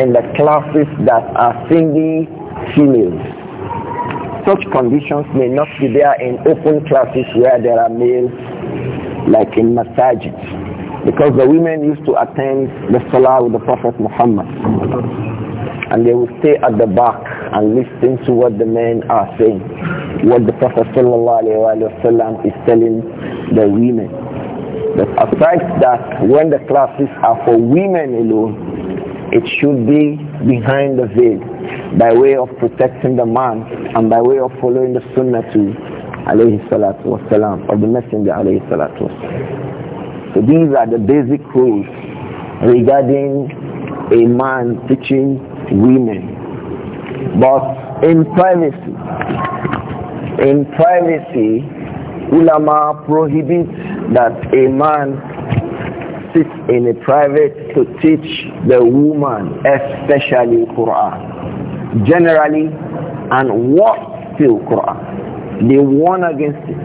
in the classes that are singly females. Such conditions may not be there in open classes where there are males, like in masajid, because the women used to attend the salah with the Prophet Muhammad. And they would stay at the back and listen to what the men are saying, what the Prophet wasallam is telling the women. But aside that, when the classes are for women alone, it should be behind the veil by way of protecting the man and by way of following the sunnah to alayhi salatu wasalam, of the messenger alayhi salatu So these are the basic rules regarding a man teaching women. But in privacy, in privacy, ulama prohibits that a man sit in a private to teach the woman, especially Quran. Generally, and what still Quran. They warn against it.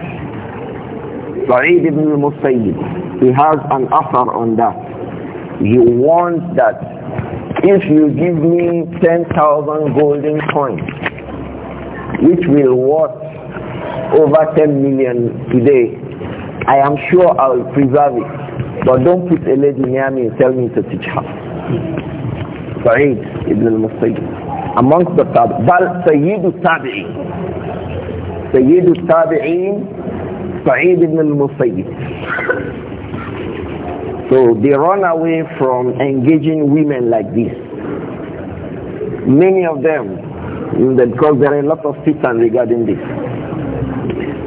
Sa'id ibn al-Musayyib, he has an offer on that. He warns that if you give me 10,000 golden coins, which will worth over 10 million today, I am sure I will preserve it. But don't put a lady near me and tell me to teach her. Sa'id ibn al-Musayyib. Amongst the Tabi'in, Bal Sayyidu Tabi'in. Sayyidu Tabi'in, Sa'id ibn al-Musayyib. So they run away from engaging women like this. Many of them, because there are a lot of fitan regarding this.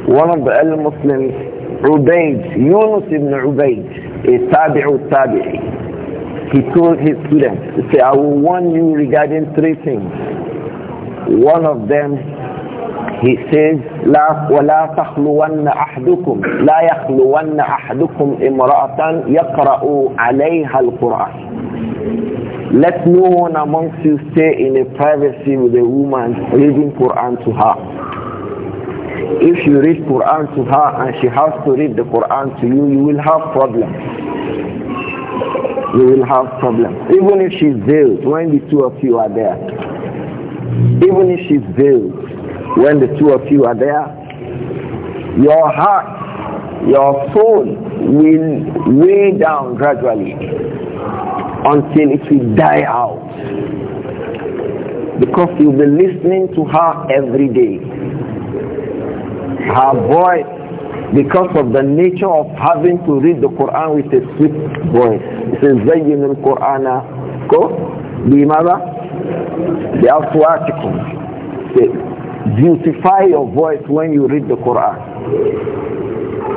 One of the al-Muslims, Ubaid, Yunus ibn Ubaid, a tabi'u tabi'i. He told his students, he said, I will warn you regarding three things. One of them, he says, لا ولا تخلون أحدكم لا يخلون أحدكم امرأة يقرأ عليها القرآن. Let no one amongst you stay in a privacy with a woman reading Quran to her. If you read Quran to her and she has to read the Quran to you, you will have problems. You will have problems. Even if she's veiled, when the two of you are there. Even if she's veiled, when the two of you are there, your heart, your soul will weigh down gradually until it will die out. Because you'll be listening to her every day her voice because of the nature of having to read the Quran with a sweet voice. It says, زَيِّنُ الْقُرْآنَ كُو بِمَاذَا بِأَصْوَاتِكُمْ Beautify your voice when you read the Quran.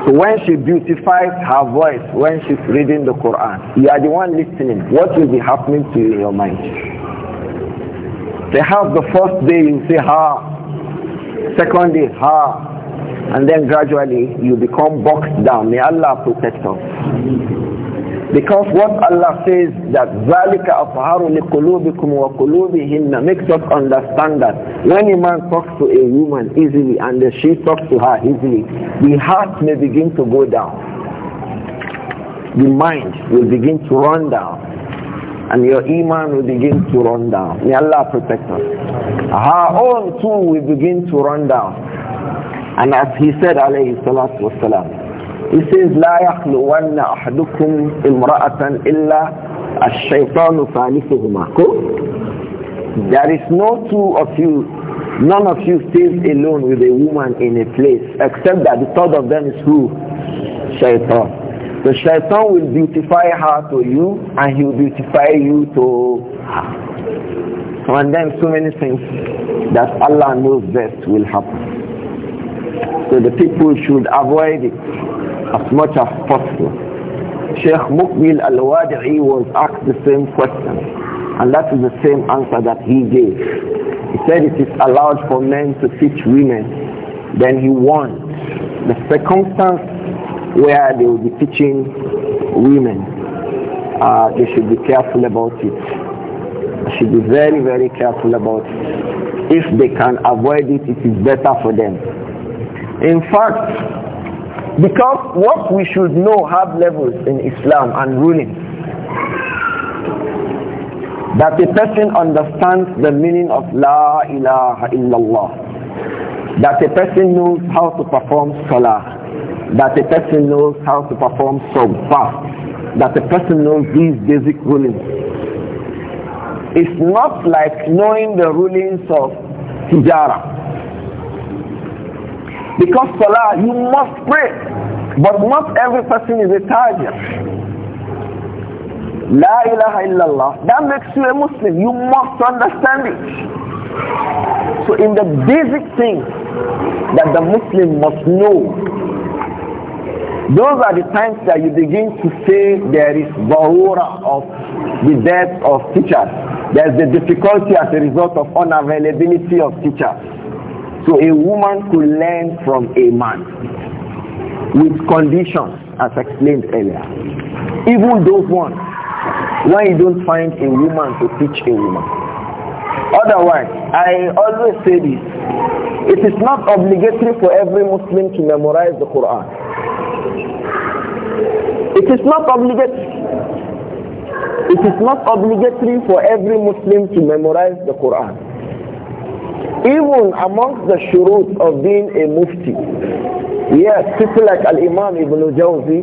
So when she beautifies her voice when she's reading the Quran, you are the one listening. What will be happening to you in your mind? They have the first day you say, ha. Second day, ha. And then gradually you become boxed down. May Allah protect us. Because what Allah says that ذَلِكَ أَطْهَارُ لِقُلُوبِكُمْ وَقُلُوبِهِنَّ makes us understand that when a man talks to a woman easily and she talks to her easily, the heart may begin to go down. The mind will begin to run down and your iman will begin to run down. May Allah protect us. Her own too will begin to run down. And as he said, alayhi salatu wasalam, he says, لا يخلون أحدكم امرأة إلا الشيطان ثالثهما. There is no two of you, none of you stays alone with a woman in a place, except that the third of them is who? Shaitan. The shaitan will beautify her to you and he will beautify you to her. And then so many things that Allah knows best will happen. So the people should avoid it as much as possible. Sheikh Mukbil al-Wadi'i was asked the same question. And that is the same answer that he gave. He said it is allowed for men to teach women. Then he warned the circumstance where they will be teaching women. Uh, they should be careful about it. They should be very, very careful about it. If they can avoid it, it is better for them. In fact, because what we should know have levels in Islam and ruling. That a person understands the meaning of La ilaha illallah. That a person knows how to perform salah. That a person knows how to perform some fast. That a person knows these basic rulings. It's not like knowing the rulings of Tijara because salah, you must pray. But not every person is a target. La ilaha illallah. That makes you a Muslim. You must understand it. So in the basic things that the Muslim must know, those are the times that you begin to say there is barura of the death of teachers. There's the difficulty as a result of unavailability of teachers. So a woman could learn from a man with conditions as explained earlier. Even those ones, why you don't find a woman to teach a woman. Otherwise, I always say this, it is not obligatory for every Muslim to memorize the Quran. It is not obligatory. It is not obligatory for every Muslim to memorize the Quran. Even amongst the shurut of being a mufti, yes, people like Al-Imam Ibn Jawzi,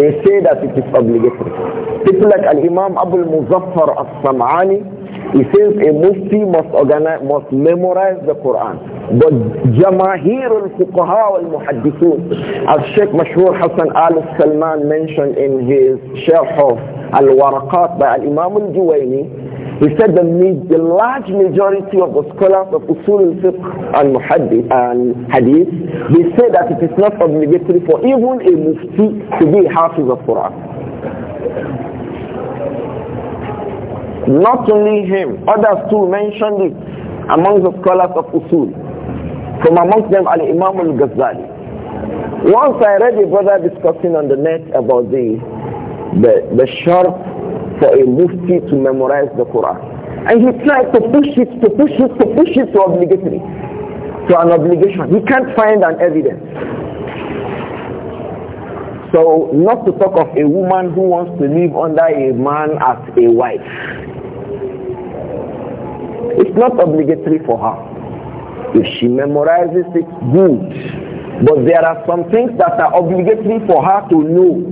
they say that it is obligatory. People like Al-Imam Abu Muzaffar As-Sam'ani, he says a mufti must, organize, must memorize the Quran. But Jamahir al-Fuqaha al-Muhaddithun, as Sheikh Mashhur Hassan al-Salman mentioned in his Sharh of Al-Waraqat by Al-Imam al-Juwayni, he said the, the large majority of the scholars of Usul al-Fiqh and, Hadith, they say that it is not obligatory for even a mufti to be half of of Quran. Not only him, others too mentioned it among the scholars of Usul. From amongst them, Al-Imam al-Ghazali. Once I read a brother discussing on the net about the, the, the sharp for a mufti to memorize the Quran. And he tried to push it, to push it, to push it to obligatory, to an obligation. He can't find an evidence. So not to talk of a woman who wants to live under a man as a wife. It's not obligatory for her. If she memorizes it, good. But there are some things that are obligatory for her to know.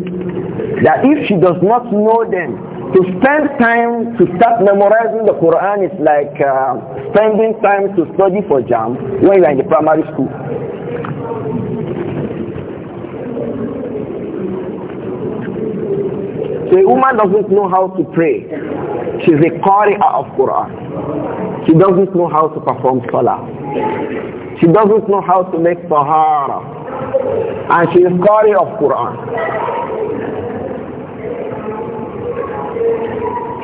That if she does not know them, to spend time to start memorizing the Quran is like uh, spending time to study for jam when you are in the primary school. The a woman doesn't know how to pray. She's a qari'ah of Quran. She doesn't know how to perform salah. She doesn't know how to make tahara. And she is qari of Quran.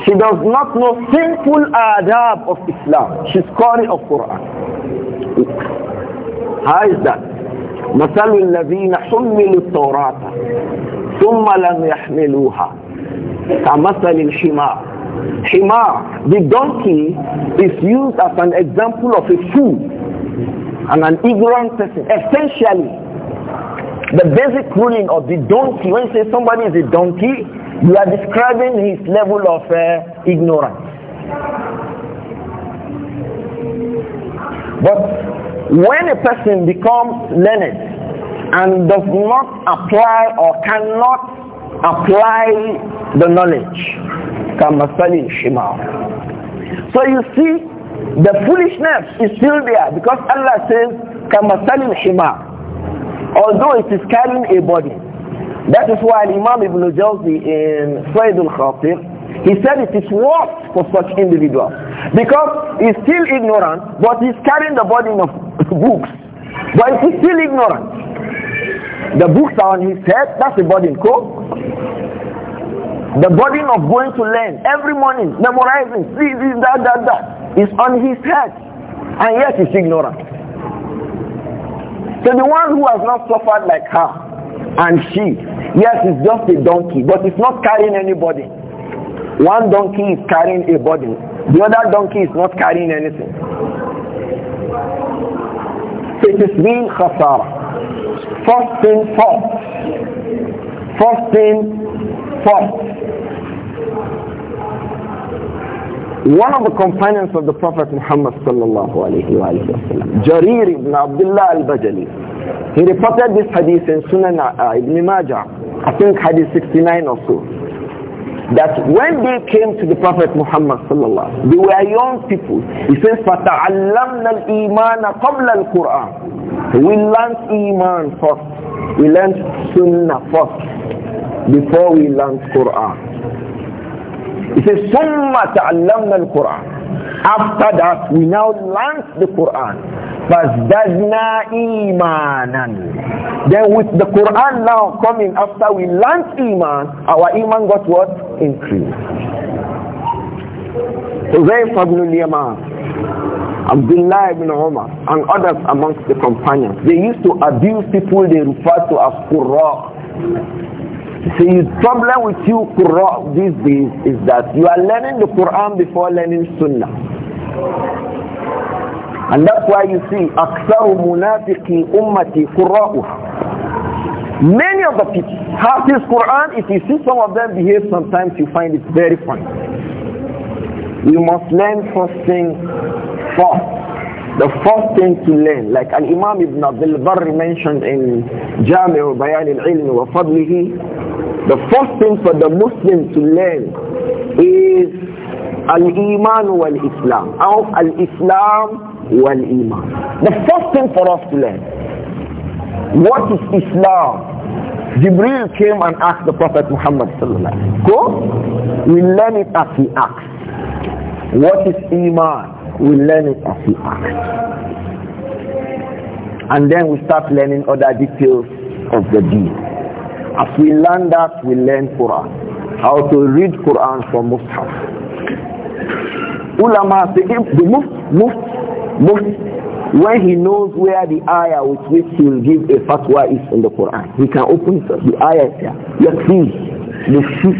She does not know simple adab of Islam. She's Qari of Quran. How is that? مثل الذين حملوا التوراة ثم لم يحملوها كمثل الحمار Himar, the donkey, is used as an example of a fool and an ignorant person. Essentially, the basic ruling of the donkey, when you say somebody is a donkey, you are describing his level of uh, ignorance. But when a person becomes learned and does not apply or cannot apply the knowledge, So you see, the foolishness is still there because Allah says Although it is carrying a body. That is why Imam Ibn Jawzi in Sayyid al-Khatir, he said it is worse for such individuals because he's still ignorant but he's carrying the burden of books but he's still ignorant. The books are on his head, that's the burden, cool? The burden of going to learn every morning, memorizing, this, this, that, that, that, is on his head and yet he's ignorant. So the one who has not suffered like her and she Yes, it's just a donkey, but it's not carrying anybody. One donkey is carrying a body. The other donkey is not carrying anything. It is being khasara. First thing first. First thing first. One of the companions of the Prophet Muhammad sallallahu alayhi wa sallam, Jarir ibn Abdullah al-Bajali, he reported this hadith in Sunan uh, uh, Ibn Majah, I think hadith 69 or so, that when they came to the Prophet Muhammad sallallahu they were young people. He says, فَتَعَلَّمْنَا الْإِيمَانَ قَبْ الْقُرْآنِ We learned Iman first. We learned Sunnah first before we learned Quran. He says, ثُمَّ تَعَلَّمْنَا الْقُرْآنِ After that, we now learned the Quran not إِيمَانًا Then with the Quran now coming after we learned Iman, our Iman got what? Increased. Huzayf ibn al-Yaman, Abdullah ibn Umar, and others amongst the companions, they used to abuse people they referred to as Qurra. See, the problem with you Qurra these days is that you are learning the Quran before learning Sunnah. And that's why you see أكثر منافقي ummati قراءه Many of the people have this Quran. If you see some of them behave sometimes, you find it very funny. You must learn first thing first. The first thing to learn, like an Imam Ibn Abdul Barr mentioned in Jami' Bayan al-Ilm wa Fadlihi, the first thing for the Muslim to learn is al-Iman wal-Islam, or al-Islam wal iman. The first thing for us to learn, what is Islam? Jibril came and asked the Prophet Muhammad sallallahu Go, we learn it as he asks. What is Iman? We learn it as he asks. And then we start learning other details of the deen. As we learn that, we learn Quran. How to read Quran from Mus'haf. Ulama, the, the most but when he knows where the ayah with which he will give a fatwa is in the Quran, he can open it up. The ayah is there. Yakfi, the sheep.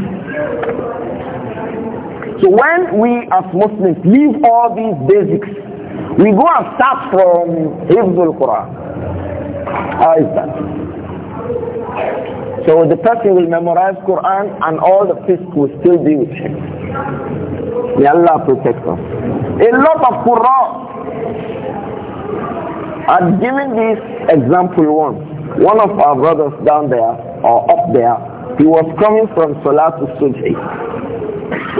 So when we as Muslims leave all these basics, we go and start from Hifzul Quran. How is that? So the person will memorize Quran and all the fisk will still be with him. May Allah protect us. A lot of Qur'an are giving this example once. One of our brothers down there or up there, he was coming from Salat Sujhi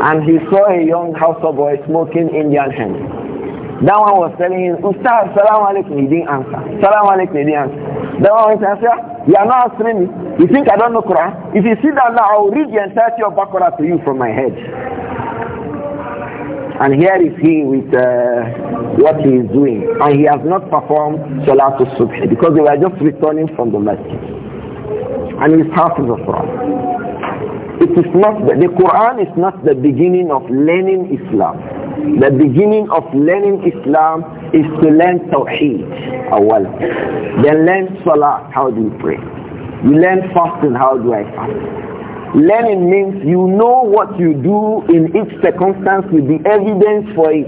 and he saw a young house boy smoking Indian hemp. That one was telling him, Ustaz, salam alaikum, he didn't answer. Salam alaikum, he didn't answer. That one was saying, ah, you are not answering me. You think I don't know Quran? If you sit down now, I'll read the entirety of Baqarah to you from my head. And here is he with uh, what he is doing. And he has not performed Salatul Subh because they were just returning from the masjid. And he's half of the Quran. It is not, the, the Quran is not the beginning of learning Islam the beginning of learning Islam is to learn Tawheed, awal. Then learn Salah, how do you pray. You learn fasting, how do I fast? Learning means you know what you do in each circumstance with the evidence for it.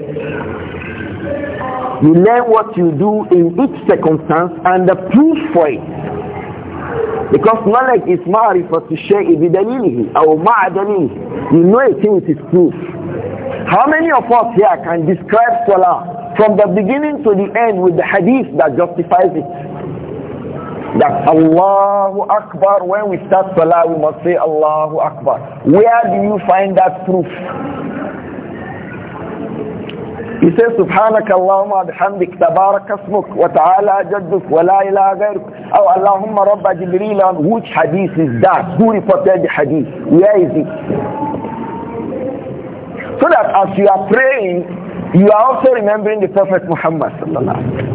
You learn what you do in each circumstance and the proof for it. Because knowledge is ma'rifah to share bidalilihi or ma'adalihi. You know a thing with its proof. How many of us here can describe Salah from the beginning to the end with the hadith that justifies it? that Allahu Akbar, when we start Salah, we must say Allahu Akbar. Where do you find that proof? He says, Subhanaka Allahumma سبحانك اللهم بحمدك تبارك اسمك وتعالى جدك ولا إله غيرك أو اللهم رب جبريل which hadith is that? Who reported the hadith? Where is it? So that as you are praying, you are also remembering the Prophet Muhammad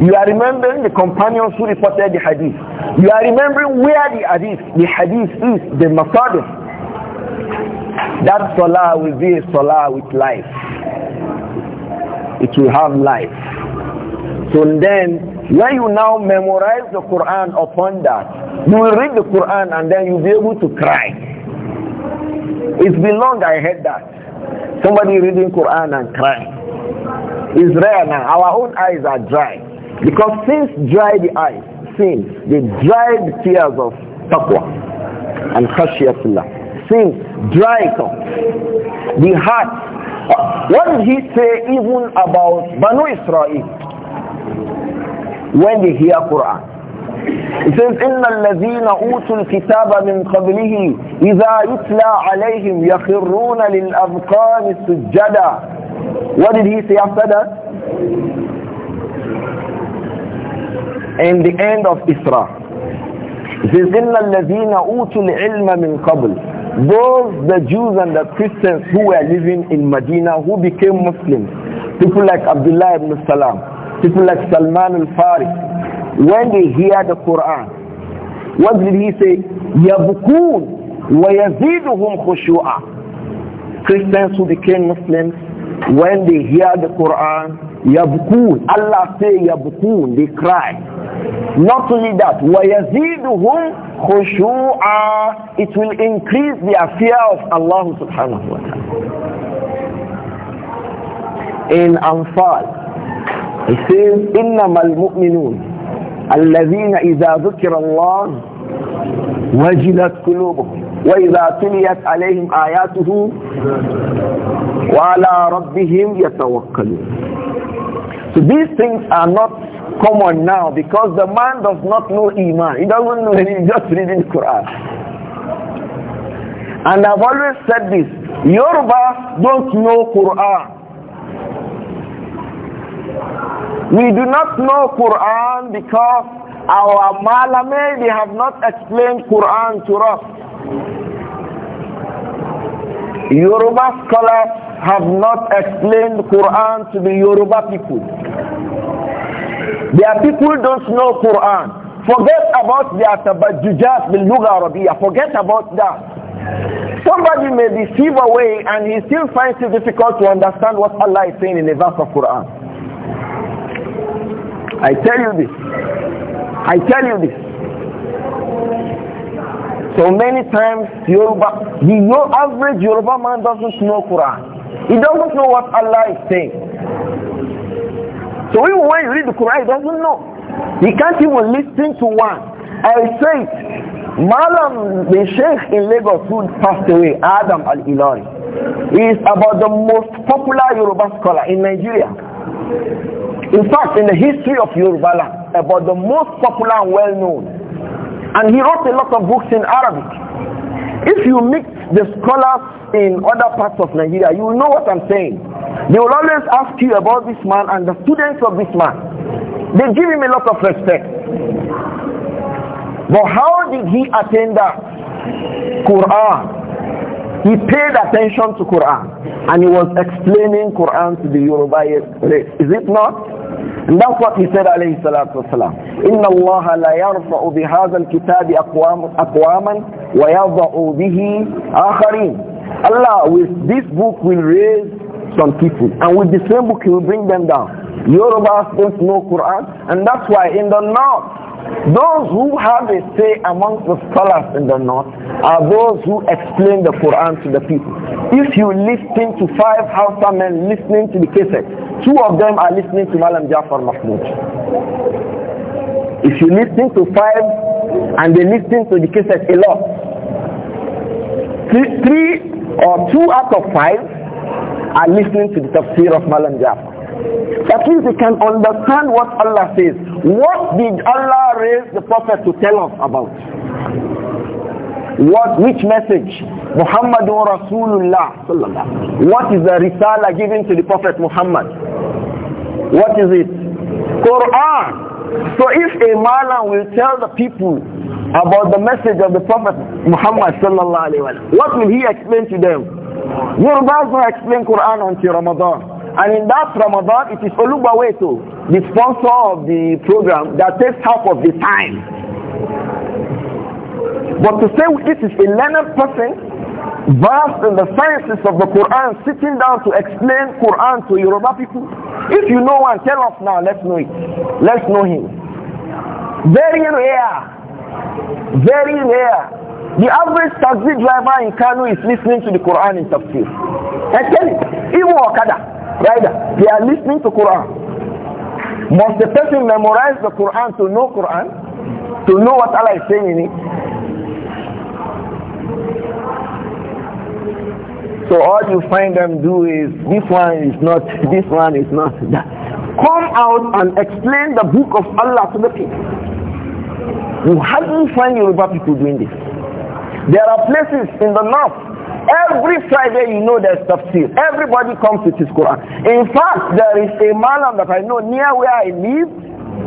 You are remembering the companions who reported the hadith. You are remembering where the hadith, the hadith is, the masadir. That salah will be a salah with life. It will have life. So then, when you now memorize the Quran upon that, you will read the Quran and then you'll be able to cry. It's been long I heard that. Somebody reading Quran and crying is rare now. Our own eyes are dry. Because since dry the eyes. sin, the dried tears of taqwa and khashiyatullah. Sin, dry it The heart. What did he say even about Banu Israel? When they hear Quran. It says, إِنَّ الَّذِينَ أُوتُوا الْكِتَابَ مِنْ قَبْلِهِ إِذَا يُتْلَى عَلَيْهِمْ يَخِرُّونَ لِلْأَذْقَانِ سُجَّدًا what did he say after that? In the end of Isra. Those the Jews and the Christians who were living in Medina who became Muslims, people like Abdullah ibn Salam, people like Salman al-Faris, when they hear the Quran, what did he say? يَبْكُونَ وَيَزِيدُهُمْ خُشُوعًا Christians who became Muslims, when they hear the Quran, yabkun. Allah say yabkun, they cry. Not only that, وَيَزِيدُهُمْ خُشُوعًا It will increase their fear of Allah subhanahu wa ta'ala. In Anfal, he says, إِنَّمَا الْمُؤْمِنُونَ الَّذِينَ إِذَا ذُكِرَ اللَّهُ وَجِلَتْ قُلُوبُهُمْ وإذا تليت عليهم آياته وعلى ربهم يتوكلون so these things are not common now because the man does not know Iman. He doesn't know, He just reading the Quran. And I've always said this, Yorubas don't know Quran. We do not know Quran because our malame, they have not explained Quran to us. Yoruba scholars have not explained Quran to the Yoruba people. Their people don't know Quran. Forget about their tabajjujat bil lugha arabiya. Forget about that. Somebody may deceive away and he still finds it difficult to understand what Allah is saying in the verse of Quran. I tell you this. I tell you this. So many times Yoruba, the average Yoruba man doesn't know Quran. He doesn't know what Allah is saying. So even when you read the Quran, he doesn't know. He can't even listen to one. I say Malam, the sheikh in Lagos who passed away, Adam Al-Ilari, is about the most popular Yoruba scholar in Nigeria. In fact, in the history of Yoruba land, about the most popular and well-known. And he wrote a lot of books in Arabic. If you meet the scholars in other parts of Nigeria, you will know what I'm saying. They will always ask you about this man and the students of this man. They give him a lot of respect. But how did he attain that? Quran. He paid attention to Quran and he was explaining Quran to the Yoruba race. Is it not? And that's what he said alayhi salatu wasalam. إِنَّ اللَّهَ لَا يَرْفَعُ بِهَذَا الْكِتَابِ أَقْوَامًا وَيَضَعُ بِهِ آخَرِينَ Allah with this book will raise some people and with the same book he will bring them down. Yorubas don't know Quran and that's why in the north those who have a say amongst the scholars in the north are those who explain the Quran to the people. If you listen to five Hausa men listening to the cassette, two of them are listening to Malam Jafar Mahmoud. If you listen to five and they listen to the cassette a lot, three, three or two out of five are listening to the tafsir of Malam Jafar. That means we can understand what Allah says. What did Allah raise the Prophet to tell us about? What, which message? Muhammadun Rasulullah What is the risala given to the Prophet Muhammad? What is it? Quran. So if a malam will tell the people about the message of the Prophet Muhammad sallallahu alaihi what will he explain to them? Yoruba will not explain Quran until Ramadan. And in that Ramadan, it is Olubaweto, the sponsor of the program, that takes half of the time. But to say this is a learned person, versed in the sciences of the Quran, sitting down to explain Quran to Yoruba people, if you know one, tell us now, let's know it. Let's know him. Very rare. Very rare the average taxi driver in Kano is listening to the Quran in tafsir. Actually, even Okada, rider, they are listening to Quran. Must the person memorize the Quran to know Quran? To know what Allah is saying in it? So all you find them do is, this one is not, this one is not that. Come out and explain the book of Allah to the people. You hardly find Yoruba people doing this. There are places in the north. Every Friday, you know there's tafsir. Everybody comes to this Quran. In fact, there is a malam that I know near where I live,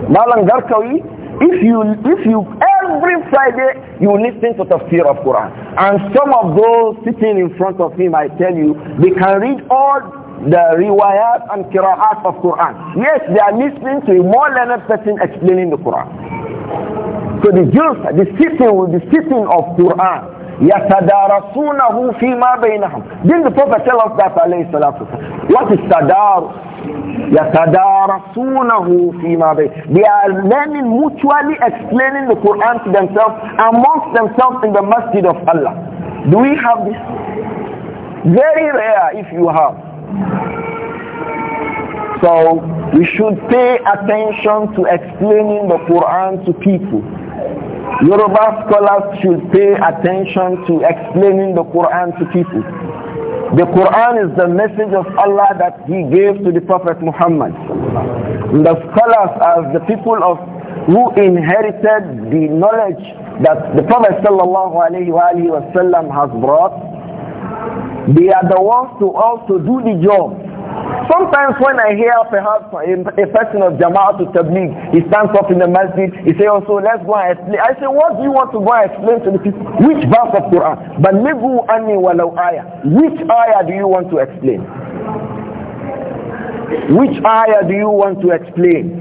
Malam Garkawi. If you, if you, every Friday, you listen to tafsir of Quran. And some of those sitting in front of him, I tell you, they can read all the riwayat and kira'at of Quran. Yes, they are listening to a more learned person explaining the Quran. So the Jews, the sitting with the sitting of Quran. يَتَدَارَسُونَهُ فِي مَا بَيْنَهُمْ Didn't the Prophet tell us that alayhi salatu What is tadar? يَتَدَارَسُونَهُ فِي مَا بَيْنَهُمْ They are learning mutually explaining the Quran to themselves amongst themselves in the masjid of Allah. Do we have this? Very rare if you have. So we should pay attention to explaining the Quran to people. Yoruba scholars should pay attention to explaining the Quran to people. The Quran is the message of Allah that He gave to the Prophet Muhammad. The scholars are the people of who inherited the knowledge that the Prophet ﷺ has brought. They are the ones to also do the job Sometimes when I hear perhaps a, a person of Jama'at to Tabligh, he stands up in the masjid, he says also, oh, let's go and explain. I say, what do you want to go and explain to the people? Which verse of Quran? Baligu anni walau ayah. Which ayah do you want to explain? Which ayah do you want to explain?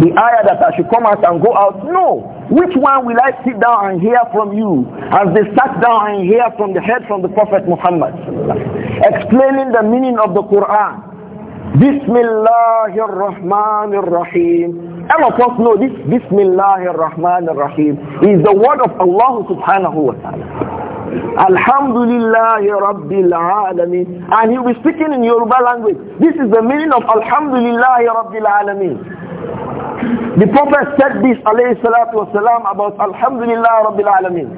The ayah that I should come out and go out? No. Which one will I sit down and hear from you as they sat down and hear from the head from the Prophet Muhammad? Explaining the meaning of the Quran. Bismillahirrahmanirrahim. Rahim. All of us know this Bismillahirrahmanirrahim Rahim is the word of Allah subhanahu wa ta'ala. Alhamdulillahi Rabbil Alameen. And he'll be speaking in Yoruba language. This is the meaning of Alhamdulillahi Rabbil Alameen. The Prophet said this alayhi about Alhamdulillah Rabbil Alameen.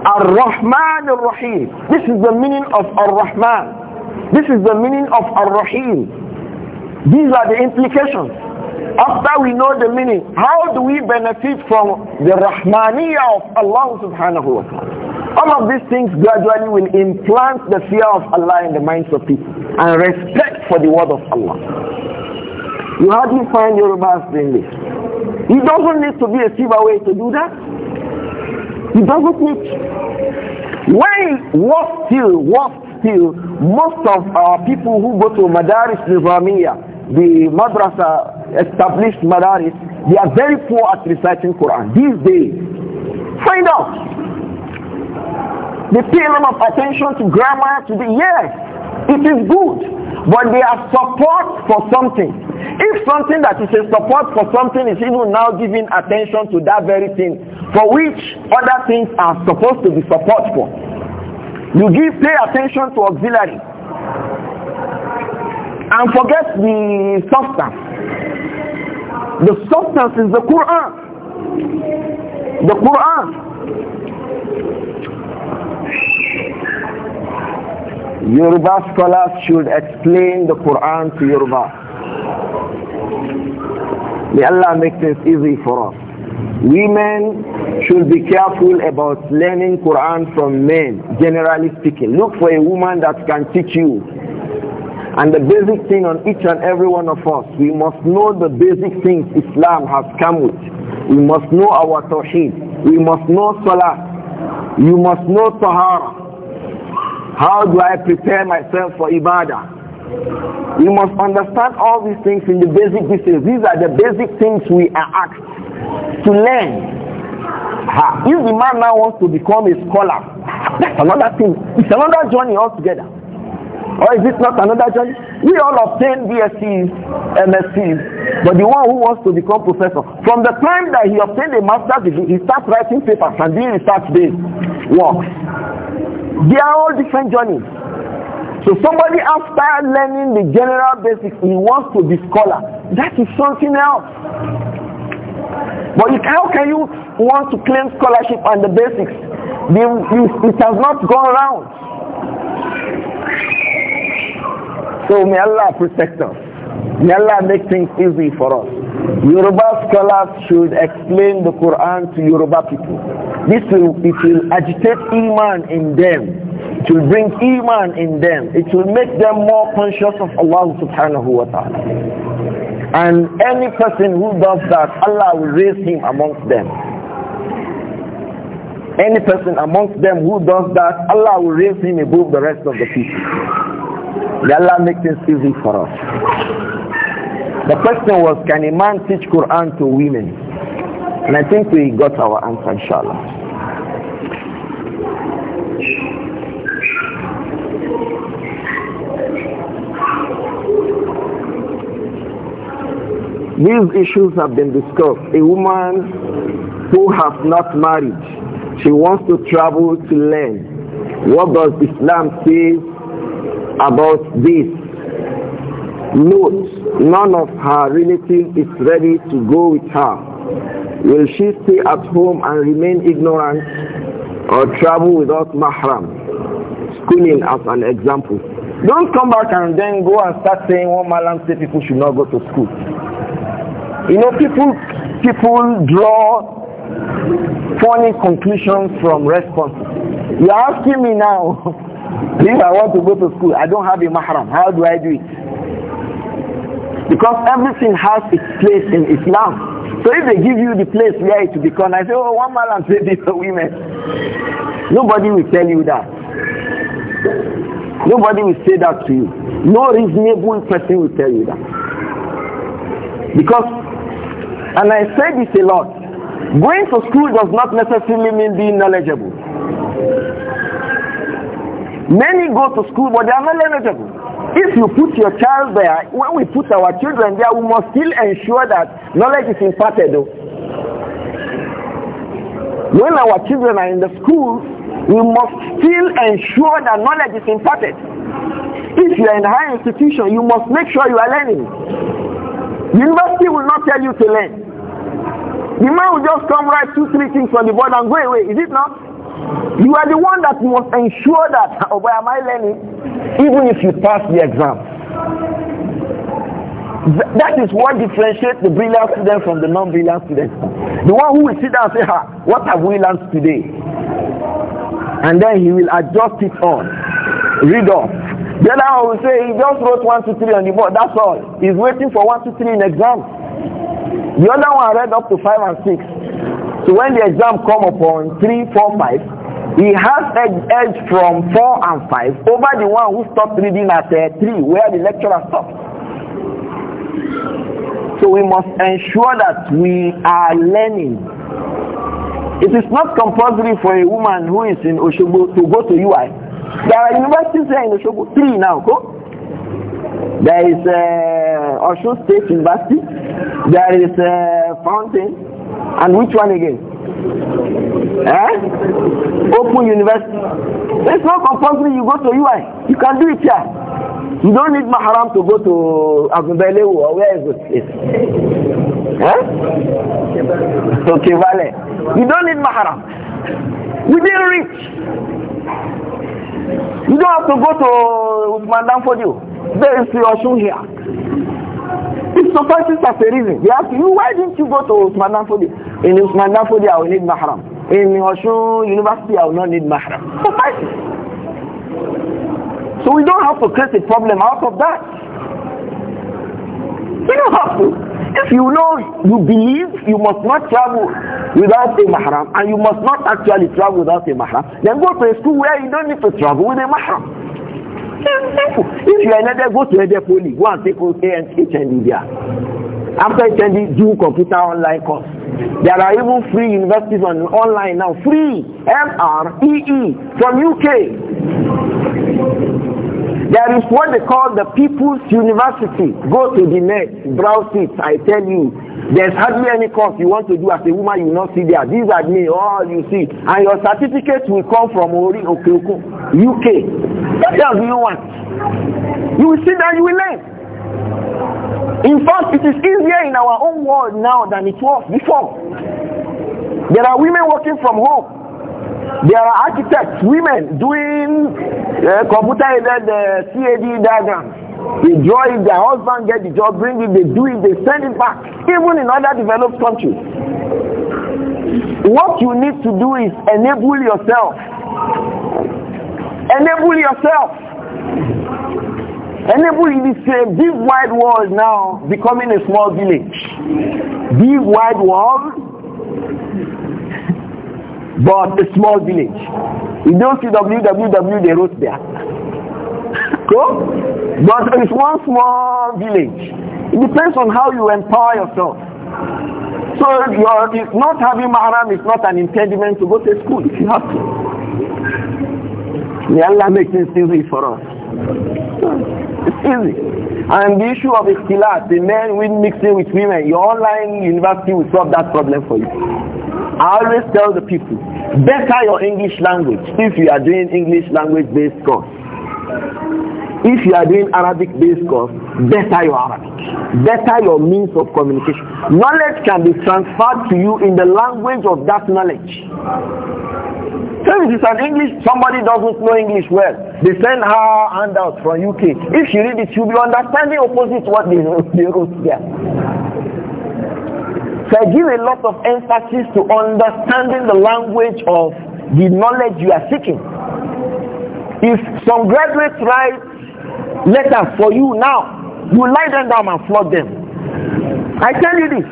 Ar-Rahman Ar-Rahim. This is the meaning of Ar-Rahman. This is the meaning of Ar-Rahim. These are the implications. After we know the meaning, how do we benefit from the Rahmaniyah of Allah subhanahu wa ta'ala? All of these things gradually will implant the fear of Allah in the minds of people and respect for the word of Allah. You hardly find Yorubas doing this. It doesn't need to be a civil way to do that. It doesn't need. When What? still, What? still, most of our people who go to Madaris Nizamiya, the madrasa established Madaris, they are very poor at reciting Quran these days. Find out. They pay a lot of attention to grammar, to the yes. It is good, but they are support for something. If something that is a support for something is even now giving attention to that very thing, for which other things are supposed to be support for, you give pay attention to auxiliary and forget the substance. The substance is the Quran. The Quran. Yoruba scholars should explain the Quran to Yoruba. May Allah make this easy for us. Women should be careful about learning Quran from men, generally speaking. Look for a woman that can teach you. And the basic thing on each and every one of us, we must know the basic things Islam has come with. We must know our Tawheed. We must know Salah. You must know Tahara. How do I prepare myself for ibadah? You must understand all these things in the basic details. These are the basic things we are asked to learn. If the man now wants to become a scholar, that's another thing. It's another journey altogether. Or is it not another journey? We all obtain BScs, MScs, but the one who wants to become professor, from the time that he obtained a master's degree, he starts writing papers and doing research-based work. They are all different journeys. So somebody after learning the general basics, he wants to be scholar. That is something else. But how can you want to claim scholarship on the basics? It has not gone around. So may Allah protect us. May Allah make things easy for us. Yoruba scholars should explain the Quran to Yoruba people. This will, it will agitate Iman in them. It will bring Iman in them. It will make them more conscious of Allah subhanahu wa ta'ala. And any person who does that, Allah will raise him amongst them. Any person amongst them who does that, Allah will raise him above the rest of the people. May Allah make things easy for us. The question was, can a man teach Quran to women? And I think we got our answer, inshallah. These issues have been discussed. A woman who has not married, she wants to travel to learn. What does Islam say about this. Note, none of her relatives is ready to go with her. Will she stay at home and remain ignorant or travel without mahram? Schooling as an example. Don't come back and then go and start saying what malam say people should not go to school. You know, people people draw funny conclusions from responses. You're asking me now If I want to go to school, I don't have a mahram. How do I do it? Because everything has its place in Islam. So if they give you the place where it will be I say, oh, one man and twenty women. Nobody will tell you that. Nobody will say that to you. No reasonable person will tell you that. Because, and I say this a lot, going to school does not necessarily mean being knowledgeable. Many go to school, but they are not eligible. If you put your child there, when we put our children there, we must still ensure that knowledge is imparted. When our children are in the school, we must still ensure that knowledge is imparted. If you are in a higher institution, you must make sure you are learning. University will not tell you to learn. The man will just come write two, three things on the board and go away. Is it not? You are the one that must ensure that, oh, where am I learning? Even if you pass the exam. Th that is what differentiates the brilliant student from the non-brilliant student. The one who will sit down and say, ha, what have we learned today? And then he will adjust it on. Read off. The other one will say, he just wrote 1, 2, 3 on the board, that's all. He's waiting for 1, 2, 3 in exam. The other one read up to 5 and 6. So when the exam come upon 3, 4, 5, he has edge from 4 and 5 over the one who stopped reading at uh, 3 where the lecturer stopped. So we must ensure that we are learning. It is not compulsory for a woman who is in Oshobo to go to UI. There are universities there in Oshobo, three now, go. There is uh, Osho State University. There is uh, Fountain. And which one again? Eh? Open university. It's not compulsory you go to UI. You can do it here. You don't need Maharam to go to Agunbelewu or where is it? Eh? To Kivale. You don't need Maharam. Within reach. You don't have to go to for you. There is your shoe here far, this as a reason. They ask you, why didn't you go to Usman In Usman I will need mahram. In Oshun University, I will not need mahram. Suffices. So we don't have to create a problem out of that. You don't have to. If you know, you believe you must not travel without a mahram and you must not actually travel without a mahram, then go to a school where you don't need to travel with a mahram. If you are another, go to Ede Poly. Go and take and in there. After attending, do computer online course. There are even free universities on online now. Free. M-R-E-E. -E, from UK. There is what they call the People's University. Go to the net, browse it, I tell you. There's hardly any course you want to do as a woman you will not see there. These are me, all you see. And your certificate will come from Ori Okeoko, UK. What else do you want? You will see that you will learn. In fact, it is easier in our own world now than it was before. There are women working from home there are architects, women doing uh, computer-aided uh, eh, CAD diagrams. They draw it, their husband get the job, bring it, they do it, they send it back, even in other developed countries. What you need to do is enable yourself. Enable yourself. Enable this uh, big wide world now becoming a small village. Big wide world, but a small village. You don't see www they wrote there. Cool? But it's one small village. It depends on how you empower yourself. So your, not having mahram is not an impediment to go to school if you have to. May Allah make things easy for us. It's easy. And the issue of ikhtilat, the men with mixing with women, your online university will solve that problem for you. I always tell the people, better your English language if you are doing English language based course. If you are doing Arabic based course, better your Arabic. Better your means of communication. Knowledge can be transferred to you in the language of that knowledge. Since it's an English, somebody doesn't know English well. They send her handouts from UK. If she read it, she'll be understanding opposite what they, they wrote there. So I give a lot of emphasis to understanding the language of the knowledge you are seeking. If some graduates write letters for you now, you lie them down and flog them. I tell you this.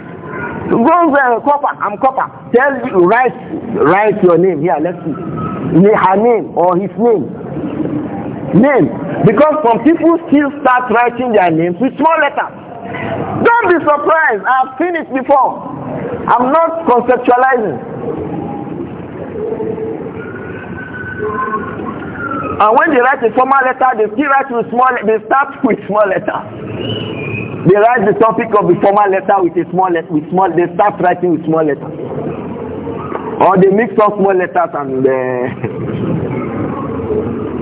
Goes and copper, I'm copper. Tell you, write, write your name here. Let's see, her name or his name. Name, because some people still start writing their names with small letters. Don't be surprised. I've seen it before. I'm not conceptualizing. And when they write a formal letter, they still write with small. They start with small letters. They write the topic of the formal letter with a small letter, with small, they start writing with small letters. Or they mix up small letters and the, uh,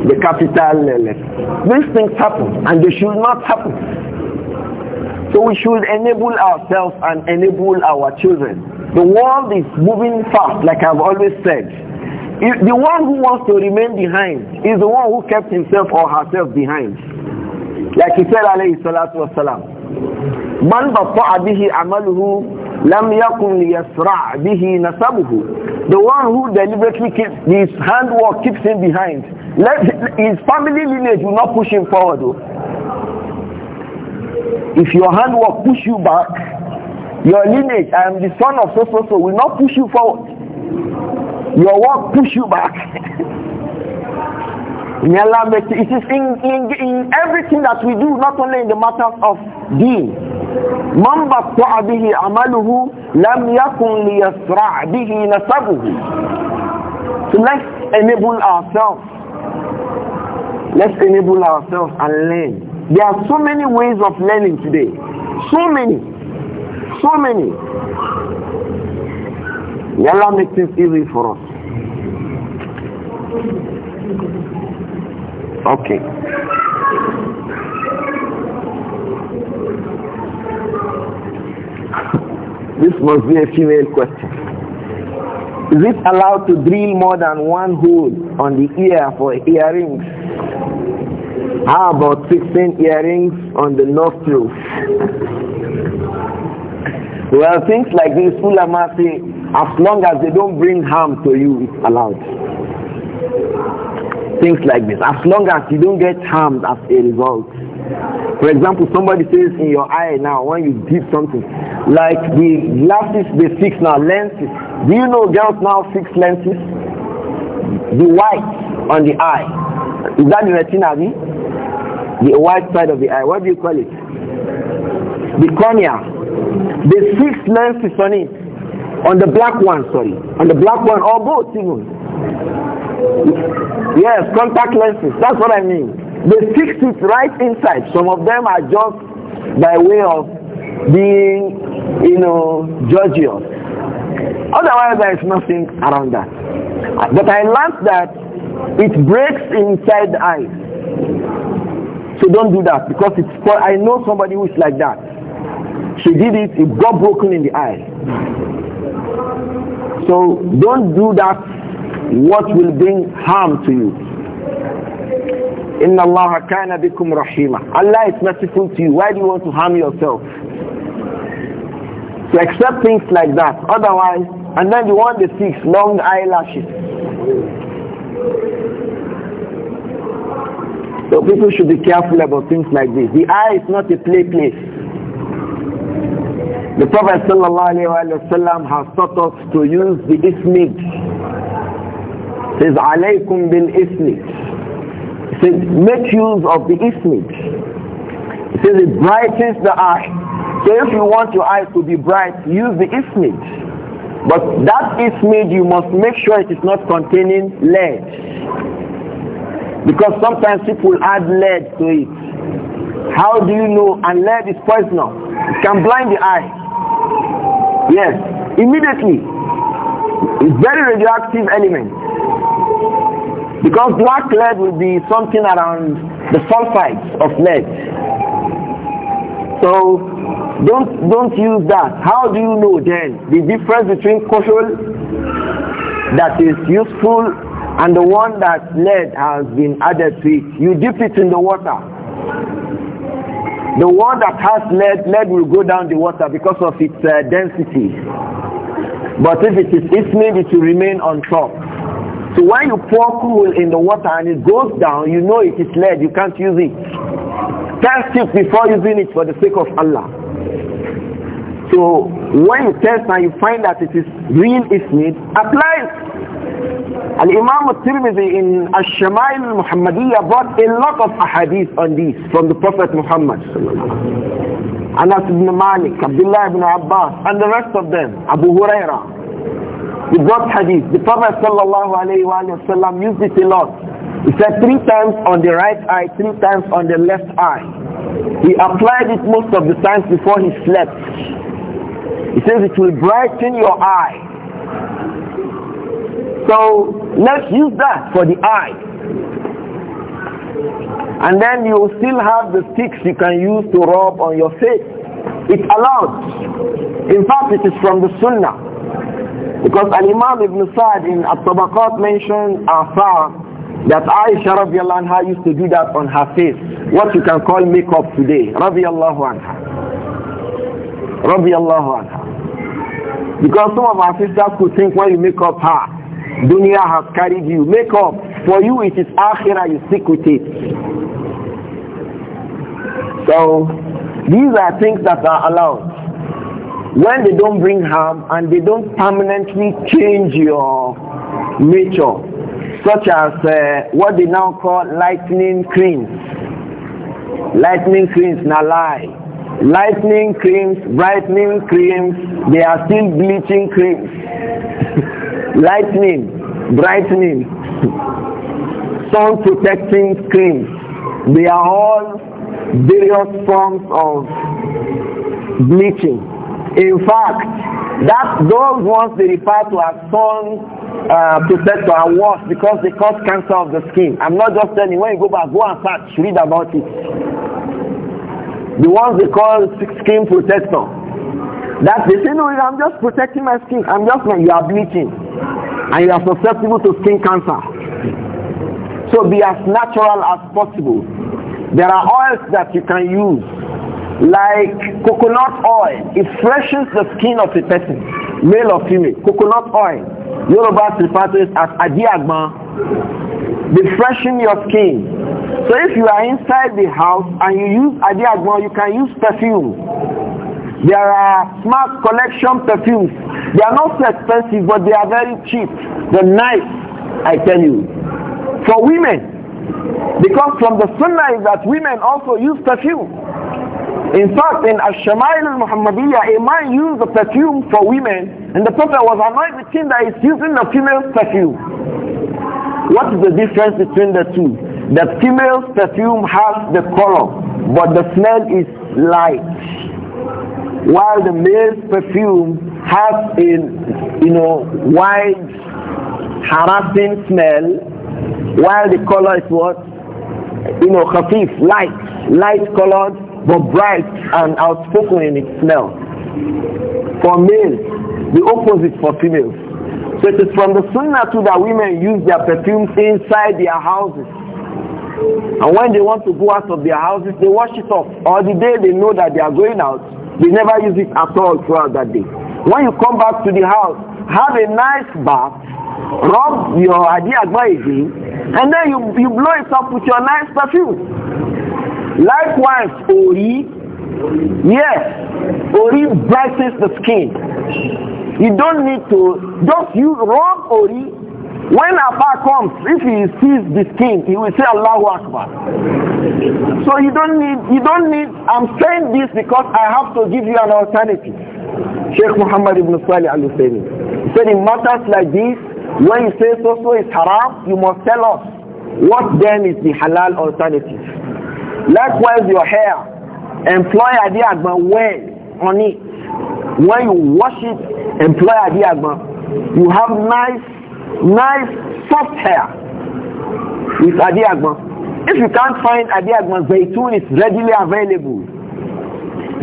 the capital letter. These things happen and they should not happen. So we should enable ourselves and enable our children. The world is moving fast, like I've always said. If the one who wants to remain behind is the one who kept himself or herself behind. Like he said, alayhi salatu wasalam, Man bihi amaluhu lam yakun bihi nasabuhu. The one who deliberately keeps his handwork keeps him behind. Let, his family lineage will not push him forward. Though. If your handwork push you back, your lineage, I am the son of so so so, will not push you forward. Your work push you back. May Allah make it. It is in, in, in everything that we do, not only in the matters of deen. من بطع به عمله لم يكن ليسرع به نسبه. So let's enable ourselves. Let's enable ourselves and learn. There are so many ways of learning today. So many. So many. May Allah make things easy for us. Okay. This must be a female question. Is it allowed to drill more than one hole on the ear for earrings? How about sixteen earrings on the nostrils? well, things like this, ulama say, as long as they don't bring harm to you, it's allowed. Things like this. As long as you don't get harmed as a result. For example, somebody says in your eye now when you did something, like the glasses they fix now, lenses. Do you know girls now fix lenses? The white on the eye. Is that the retina? The white side of the eye. What do you call it? The cornea. They fix lenses on it. On the black one, sorry. On the black one or both even. Yes, contact lenses. That's what I mean. They fix it right inside. Some of them are just by way of being, you know, judicious. Otherwise, there is nothing around that. But I learned that it breaks inside the eyes. So don't do that because it's. I know somebody who is like that. She did it. It got broken in the eye. So don't do that what will bring harm to you. Inna Allah kana bikum rahima. Allah is merciful to you. Why do you want to harm yourself? So accept things like that. Otherwise, and then you want the six long eyelashes. So people should be careful about things like this. The eye is not a play place. The Prophet wasallam has taught us to use the ismid says alaykum bil ismit says make use of the ismit says it brightens the eye so if you want your eyes to be bright use the ismit but that ismit you must make sure it is not containing lead because sometimes people add lead to it how do you know and lead is poisonous it can blind the eye yes immediately it's very radioactive element because black lead will be something around the sulfides of lead. So don't don't use that. How do you know then the difference between kosher that is useful and the one that lead has been added to it? You dip it in the water. The one that has lead, lead will go down the water because of its uh, density. But if it is ismid, it will remain on top. So when you pour cool in the water and it goes down, you know it is lead. You can't use it. Test it before using it for the sake of Allah. So when you test and you find that it is real isnid, apply it. Al-Imam al-Tirmidhi in Ash-Shamail al-Muhammadiyya brought a lot of ahadith on this from the Prophet Muhammad Anas ibn Malik, Abdullah ibn Abbas and the rest of them, Abu Huraira. He brought hadith. The Prophet sallallahu alayhi wa sallam used it a lot. He said three times on the right eye, three times on the left eye. He applied it most of the times before he slept. He says it will brighten your eye. So let's use that for the eye. And then you still have the sticks you can use to rub on your face. It's allowed. In fact, it is from the Sunnah. Because Al-Imam Ibn Sa'd in At-Tabaqat mentioned Afar that Aisha radiallahu anha used to do that on her face. What you can call makeup today. Radiallahu anha. Radiallahu anha. Because some of our sisters could think when you make up her, dunya has carried you. Make up. For you it is akhirah, you stick with it. So these are things that are allowed. When they don't bring harm and they don't permanently change your nature, such as uh, what they now call lightning creams. Lightning creams, now lie. Lightning creams, brightening creams, they are still bleaching creams. lightning, brightening, sun protecting creams. They are all various forms of bleaching. In fact, that those ones they refer to as sun uh, protector are worse because they cause cancer of the skin. I'm not just telling you, when you go back, go and search, read about it. The ones they call skin protector. That they say, no, I'm just protecting my skin. I'm just you are bleaching. And you are susceptible to skin cancer. So be as natural as possible. There are oils that you can use, like coconut oil. It freshens the skin of a person, male or female. Coconut oil. Yoruba refer to it as adiagma. They freshen your skin. So if you are inside the house and you use adiagma, you can use perfume. There are smart collection perfumes. They are not so expensive, but they are very cheap. They're nice, I tell you. For women, because from the sunnah is that women also use perfume. In fact, in ash shamayl al-Muhammadiyya, a man used the perfume for women and the Prophet was annoyed with him that he's using the female's perfume. What is the difference between the two? That female's perfume has the color, but the smell is light while the male's perfume has a you know wide harassing smell while the color is what? You know, khafif, light, light colored, but bright and outspoken in its smell. For males, the opposite for females. So it is from the sunnah too that women use their perfumes inside their houses. And when they want to go out of their houses, they wash it off. Or the day they know that they are going out, they never use it at all throughout that day. When you come back to the house, have a nice bath rub your Adi Agba again, and then you, you blow it up with your nice perfume. Likewise, Ori, yes, Ori brightens the skin. You don't need to, just you rub Ori. When Abba comes, if he sees the skin, he will say Allahu Akbar. So you don't need, you don't need, I'm saying this because I have to give you an alternative. Sheikh Muhammad ibn Salih al-Husayni said in matters like this, when you say so so is haram, you must tell us what then is the halal alternative. Likewise, your hair, employ adiagma when on it. When you wash it, employ adiagma. You have nice, nice soft hair with adiagma. If you can't find adiagma, zaytun is readily available.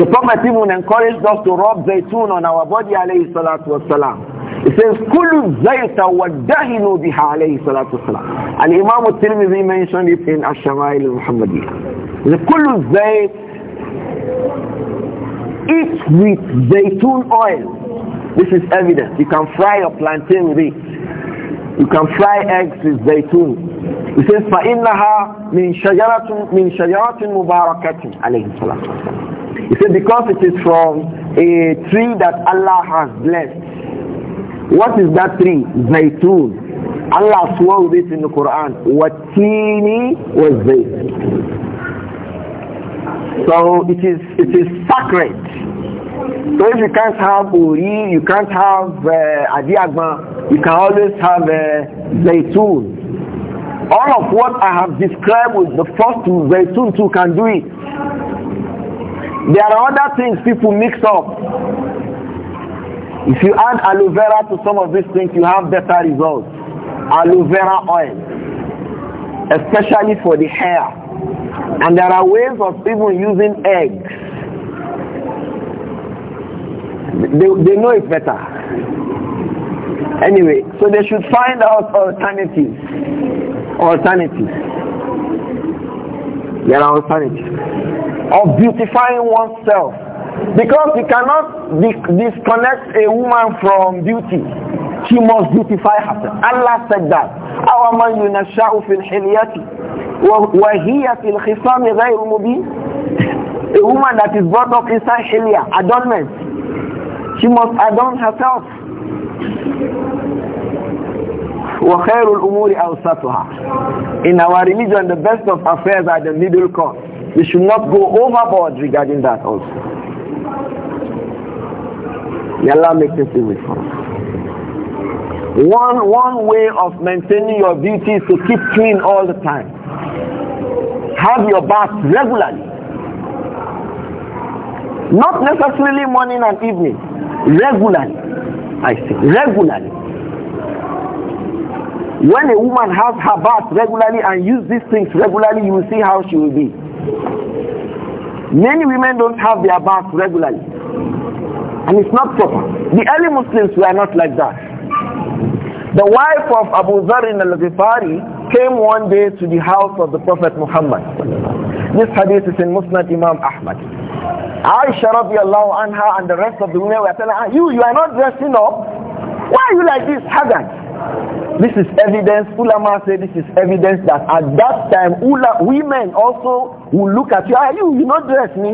The Prophet even encouraged us to rub zaytun on our body alayhi salatu wasalam says, Kulu zayta waddahinu biha alayhi salatu wasalam. And Imam al-Tirmidhi mentioned it in Ash-Shama'il al-Muhammadiyya. The Kulu zayt, eat with zaytun oil. This is evidence. You can fry your plantain with it. You can fry eggs with zaytun. It says, فَإِنَّهَا مِنْ شَجَرَةٍ مِنْ شَجَرَةٍ مُبَارَكَةٍ alayhi salatu He says, because it is from a tree that Allah has blessed. What is that tree? Zaytun. Allah swore this in the Quran. Watini was this? So it is it is sacred. So if you can't have uri, you can't have uh, adiagma, you can always have uh, zaytun. All of what I have described with the first two, zaytun too can do it. There are other things people mix up. If you add aloe vera to some of these things, you have better results. Aloe vera oil, especially for the hair. And there are ways of even using eggs. They, they know it better. Anyway, so they should find out alternatives. Alternatives. There are alternatives. Of beautifying oneself because you cannot disconnect a woman from beauty. She must beautify herself. Allah said that. أَوَ مَنْ يُنَشَّأُ فِي الْحِلْيَةِ وَهِيَ فِي الْخِصَامِ غَيْرُ مُبِينٍ A woman that is brought up inside hilya, adornment, she must adorn herself. وَخَيْرُ الْأُمُورِ أَوْسَطُهَا In our religion, the best of affairs are the middle course. We should not go overboard regarding that also. Allah makes this easy One, one way of maintaining your beauty is to keep clean all the time. Have your bath regularly. Not necessarily morning and evening. Regularly. I say, regularly. When a woman has her bath regularly and use these things regularly, you will see how she will be. Many women don't have their bath regularly. And it's not proper. The early Muslims were not like that. The wife of Abu Dharr al-Ghifari came one day to the house of the Prophet Muhammad. This hadith is in Musnad Imam Ahmad. Aisha radiallahu anha and the rest of the women were telling her, you, you are not dressing up. Why are you like this, haggard? This is evidence, ulama say this is evidence that at that time ula, women also will look at you, are ah, you, you not dressing? me?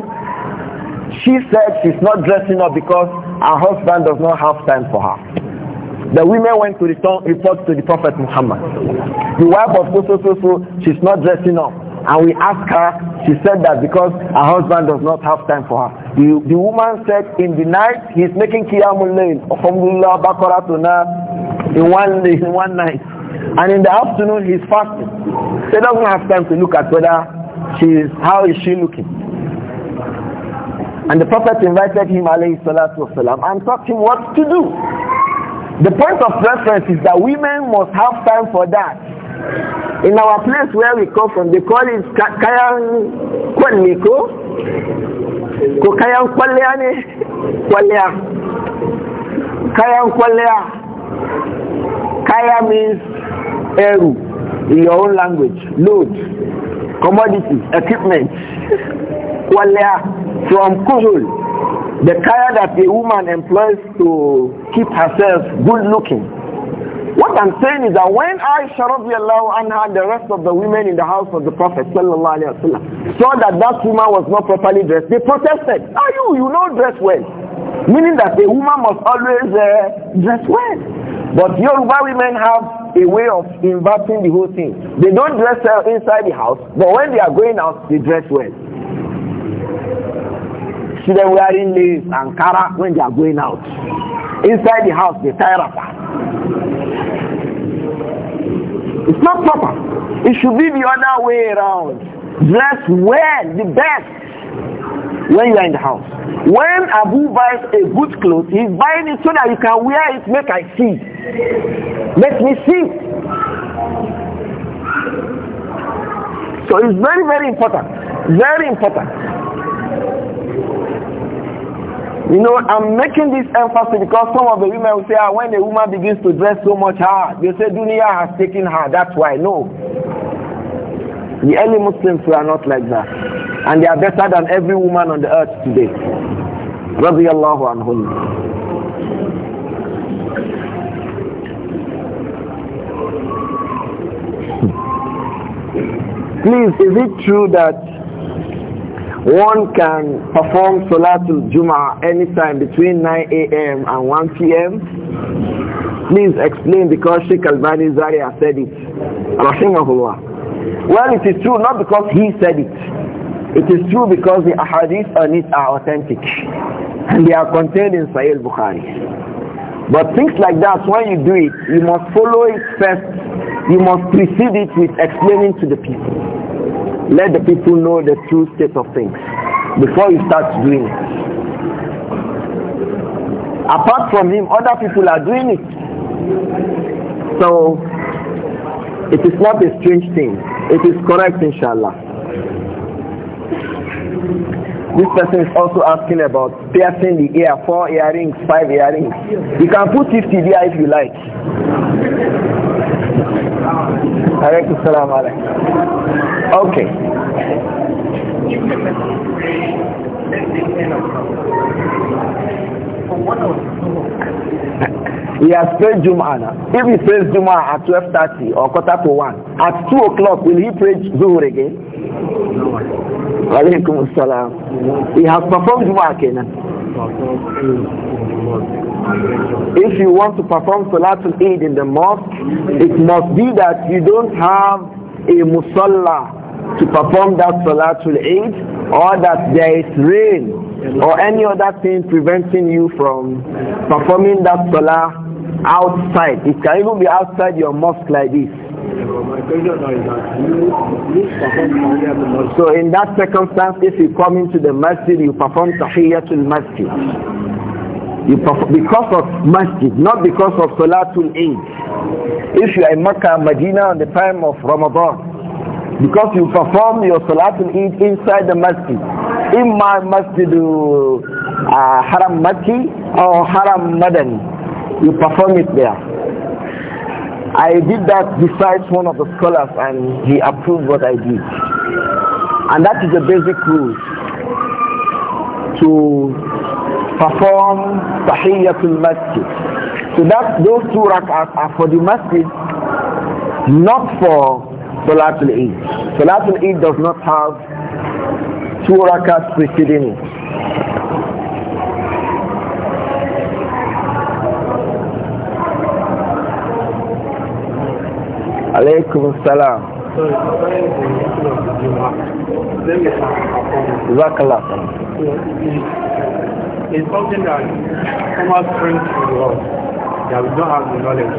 She said she's not dressing up because her husband does not have time for her. The women went to return, report to the Prophet Muhammad. The wife of so, so, so, so, she's not dressing up. And we asked her, she said that because her husband does not have time for her. The, the woman said, in the night, he's making Qiyamul Layl, Alhamdulillah, Baqarah in one day, in one night. And in the afternoon, he's fasting. He doesn't have time to look at whether she's, how is she looking. And the Prophet invited him alayhi salatu wasalam, and taught him what to do. The point of reference is that women must have time for that. In our place where we come from, they call it Kayan Kwaniko. Kayan Kwaleane. kwalia, Kayan kwalia. Kaya means Eru in your own language. Load commodities, equipment, kwalia from kuhul, the kaya that a woman employs to keep herself good looking. What I'm saying is that when Aisha radiallahu anha and the rest of the women in the house of the Prophet sallallahu wasallam saw that that woman was not properly dressed, they protested. Are you, you not dress well. Meaning that a woman must always uh, dress well. But Yoruba women have a way of inverting the whole thing. They don't dress well inside the house, but when they are going out, they dress well. See them wearing lace and kara when they are going out. Inside the house, they tie up. It's not proper. It should be the other way around. Dress well, the best when you are in the house. When Abu buys a good cloth, he's buying it so that you can wear it, make I see. make me see. So it's very, very important. Very important. You know, I'm making this emphasis because some of the women will say, ah, when a woman begins to dress so much hard, ah, they say, Dunia has taken her, that's why. No. The early Muslims were not like that. And they are better than every woman on the earth today. Radiallahu anhum. Please, is it true that one can perform Salatul Jum'ah anytime between 9 a.m. and 1 p.m.? Please explain because Sheikh Al-Bani Zaria said it. Rahimahullah. Well, it is true not because he said it. It is true because the ahadith on it are authentic and they are contained in Sahih Bukhari. But things like that, when you do it, you must follow it first. You must precede it with explaining to the people. Let the people know the true state of things before you start doing it. Apart from him, other people are doing it. So it is not a strange thing. It is correct, inshallah. This person is also asking about piercing the ear, four earrings, five earrings. You can put 50 there if you like. Okay you can pray let the end of he has prayed Jum'ana. If he prays Jum'ah at 12.30 or quarter to 1, at 2 o'clock will he pray Zuhur again? Alaykum as He has performed Jum'ah again. If you want to perform Salatul Eid in the mosque, it must be that you don't have a musalla to perform that Salatul Eid or that there is rain or any other thing preventing you from performing that Salah outside. It can even be outside your mosque like this. So in that circumstance, if you come into the masjid, you perform Tahiyyatul Masjid. You perform, because of masjid, not because of Salatul Eid. If you are in Makkah, Medina on the time of Ramadan, because you perform your Salatul Eid inside the masjid. In my masjid, uh, Haram Makki or Haram Madani. You perform it there. I did that besides one of the scholars and he approved what I did. And that is the basic rule. To perform Tahiyyatul Masjid. So that those two rak'ahs are for the masjid, not for Salatul Eid. Salatul Eid does not have two rakats preceding it. عليكم salam. جزاك الله It's something that Thomas brings to the world that we don't have the knowledge.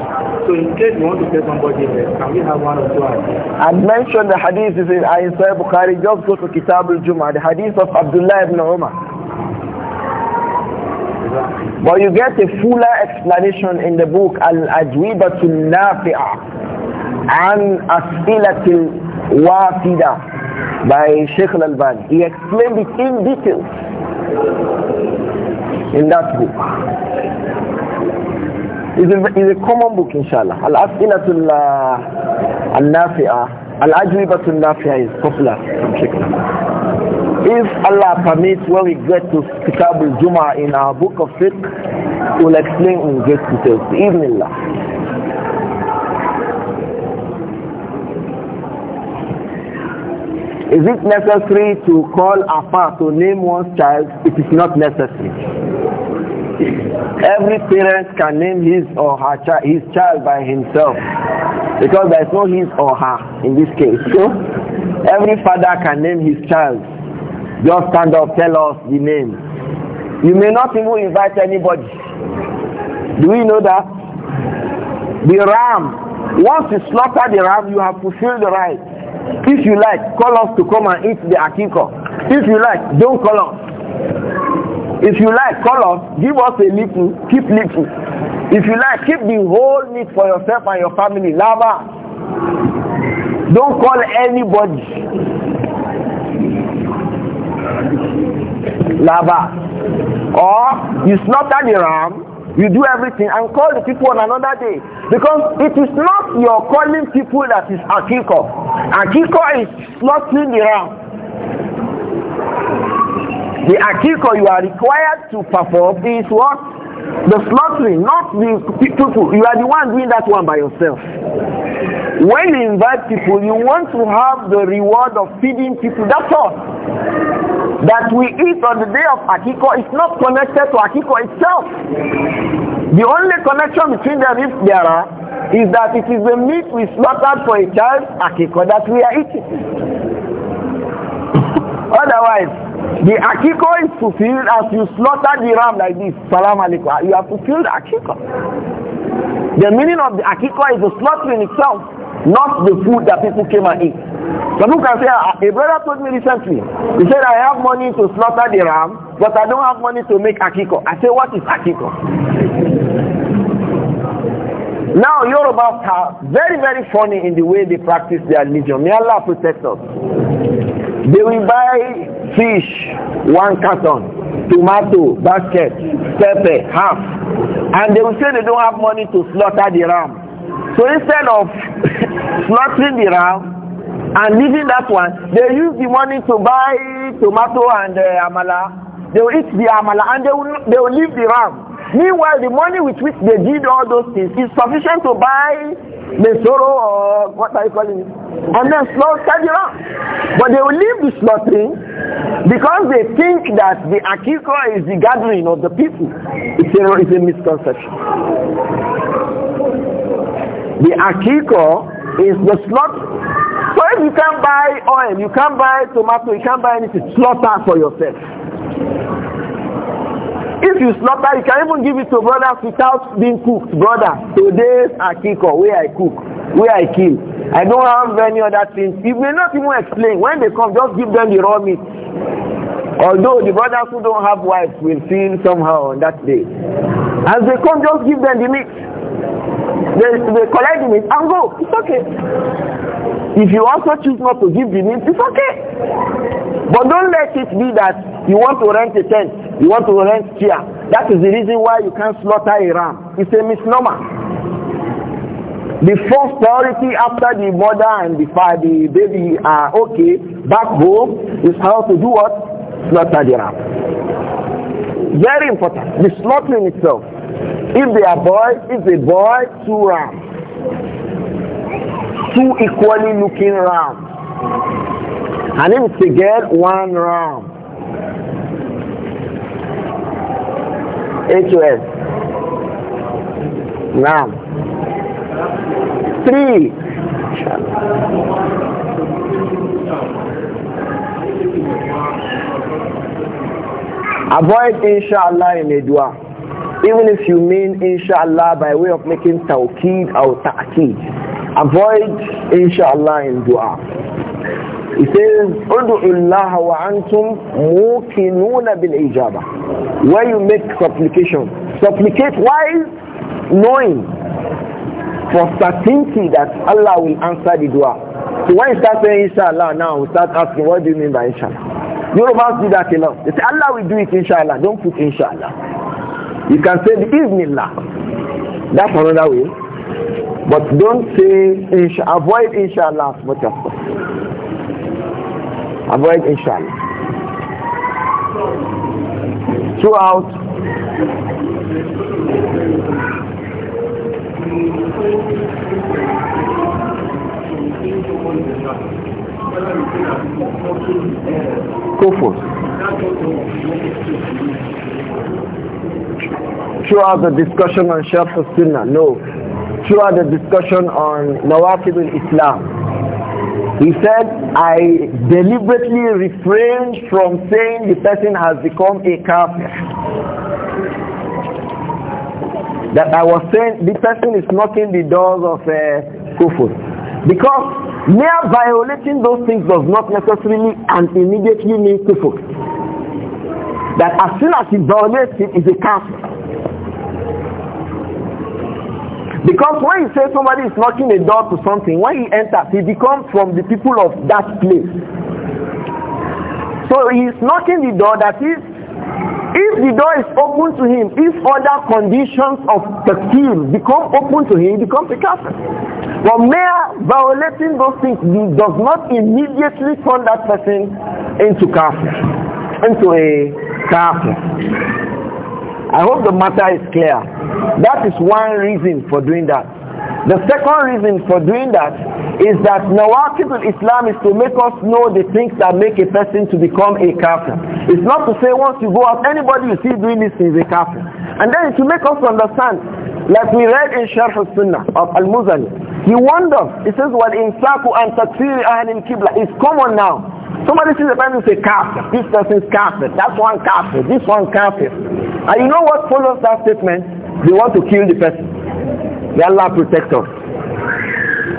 So in case you want to get somebody else, can we have one or two I mentioned the hadith is in Sahih Bukhari. Just go to Kitab al-Jum'ah, the hadith of Abdullah ibn Umar. But you get a fuller explanation in the book Al-Ajwibatu Nafi'a an As'ilatil Wafida by Sheikh Al-Albani. He explained it in detail in that book. It's a, it's a common book, inshallah. Al-As'inatul Al-Nafi'ah. Al-Ajwibatul Nafi'ah is popular. If Allah permits, when we get to Kitab al-Jum'ah in our book of fiqh, we'll explain in great details. Even Allah. Is it necessary to call Afa to name one's child? It is not necessary. Every parent can name his or her his child by himself because there is no his or her in this case. So every father can name his child. Just stand up, tell us the name. You may not even invite anybody. Do we know that? The ram. Once you slaughter the ram, you have fulfilled the right. If you like, call us to come and eat the akiko. If you like, don't call us. If you like, call us, give us a little, keep little. If you like, keep the whole meat for yourself and your family. Lava. Don't call anybody. Lava. Or you slaughter the ram, you do everything and call the people on another day. Because it is not your calling people that is Akiko. Akiko is slaughtering the ram. The akiko you are required to perform is what? The slaughtering, not the people. You are the one doing that one by yourself. When you invite people, you want to have the reward of feeding people. That's all. That we eat on the day of Akiko is not connected to Akiko itself. The only connection between them, if there are, is that it is the meat we slaughtered for a child Akiko that we are eating. Otherwise, the akiko is fulfilled as you slaughter the ram like this. Salam alaikum. You have fulfilled akiko. The meaning of the akiko is the slaughtering itself, not the food that people came and ate. So, look can say, ah, a brother told me recently, he said, I have money to slaughter the ram, but I don't have money to make akiko. I say, what is akiko? Now Yorubas are very, very funny in the way they practice their religion. May Allah protect us. They will buy fish, one carton, tomato, basket, pepper, half. And they will say they don't have money to slaughter the ram. So instead of slaughtering the ram, and leaving that one, they use the money to buy tomato and uh, amala. They will eat the amala and they will, they will leave the ram. Meanwhile, the money with which they did all those things is sufficient to buy the sorrow or oh, what are you calling it? And then slaughter But they will leave the slaughtering because they think that the akiko is the gathering of the people. It's a, it's a misconception. The akiko is the slaughter. So if you can't buy oil, you can't buy tomato, you can't buy anything, slaughter for yourself. If you slaughter, you can even give it to brothers without being cooked. Brother, today's akiko, where I cook, where I kill. I don't have any other things. You may not even explain. When they come, just give them the raw meat. Although the brothers who don't have wives will feel somehow on that day. As they come, just give them the meat. They, they collect the meat and go. It's okay. If you also choose not to give the meat, it's okay. But don't let it be that you want to rent a tent, you want to rent chair. That is the reason why you can't slaughter a ram. It's a misnomer the first priority after the mother and the, father, the baby are okay back home is how to do what? Slaughter the ram. Very important. The slaughtering itself. If they are boys, if a boy, two ram, Two equally looking ram, And if it's a one ram. eight HOS. Ram. Three. Avoid inshallah in a dua. Even if you mean inshallah by way of making tawqeed or ta'qeed, avoid inshallah in dua. He says, "Udu'u Allah wa antum muqinuna bil Where you make supplication, supplicate while knowing for certainty that Allah will answer the dua. So when you start saying inshallah now, we start asking, what do you mean by inshallah? You do that a lot. They say Allah will do it inshallah. Don't put inshallah. You can say the evening lah. That's another way. But don't say, insha, avoid inshallah as much as possible. Avoid inshallah. Throughout, Kufur. throughout the discussion on Sharh Sunnah. No. Throughout the discussion on Nawakib islam He said, I deliberately refrained from saying the person has become a kafir. That I was saying the person is knocking the doors of a uh, kufur. Because mere violating those things does not necessarily and immediately mean kufur. That as soon as he violates it, is a kafir. Because when you say somebody is knocking a door to something, when he enters, he becomes from the people of that place. So he is knocking the door that is, if the door is open to him, if other conditions of the field become open to him, he becomes a kafir. But mere violating those things does not immediately turn that person into kafir, into a kafir. I hope the matter is clear. That is one reason for doing that. The second reason for doing that is that Nawakib islam is to make us know the things that make a person to become a kafir. It's not to say once you go out, anybody you see doing this is a kafir. And then to make us understand, like we read in Sharh al-Sunnah of Al-Muzani, he warned us, he says, "What in Saku and تَكْفِيرِ أَهْلِ Qibla It's common now. Somebody sees a person say kafir, this person is kafir, that's one kafir, this one kafir. And you know what follows that statement? They want to kill the person. May Allah protect us.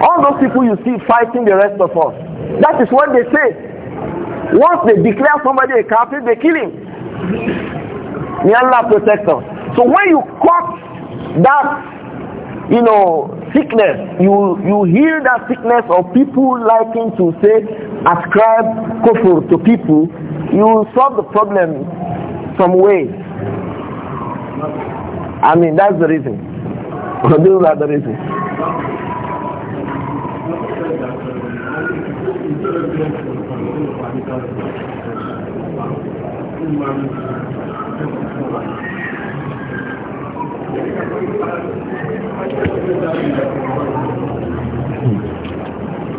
All those people you see fighting the rest of us, that is what they say. Once they declare somebody a kafir, they kill him. May Allah protect us. So when you cut that, you know, sickness, you, you hear that sickness of people liking to say, ascribe kufr to people, you solve the problem some way. I mean, that's the reason. Those are the reason.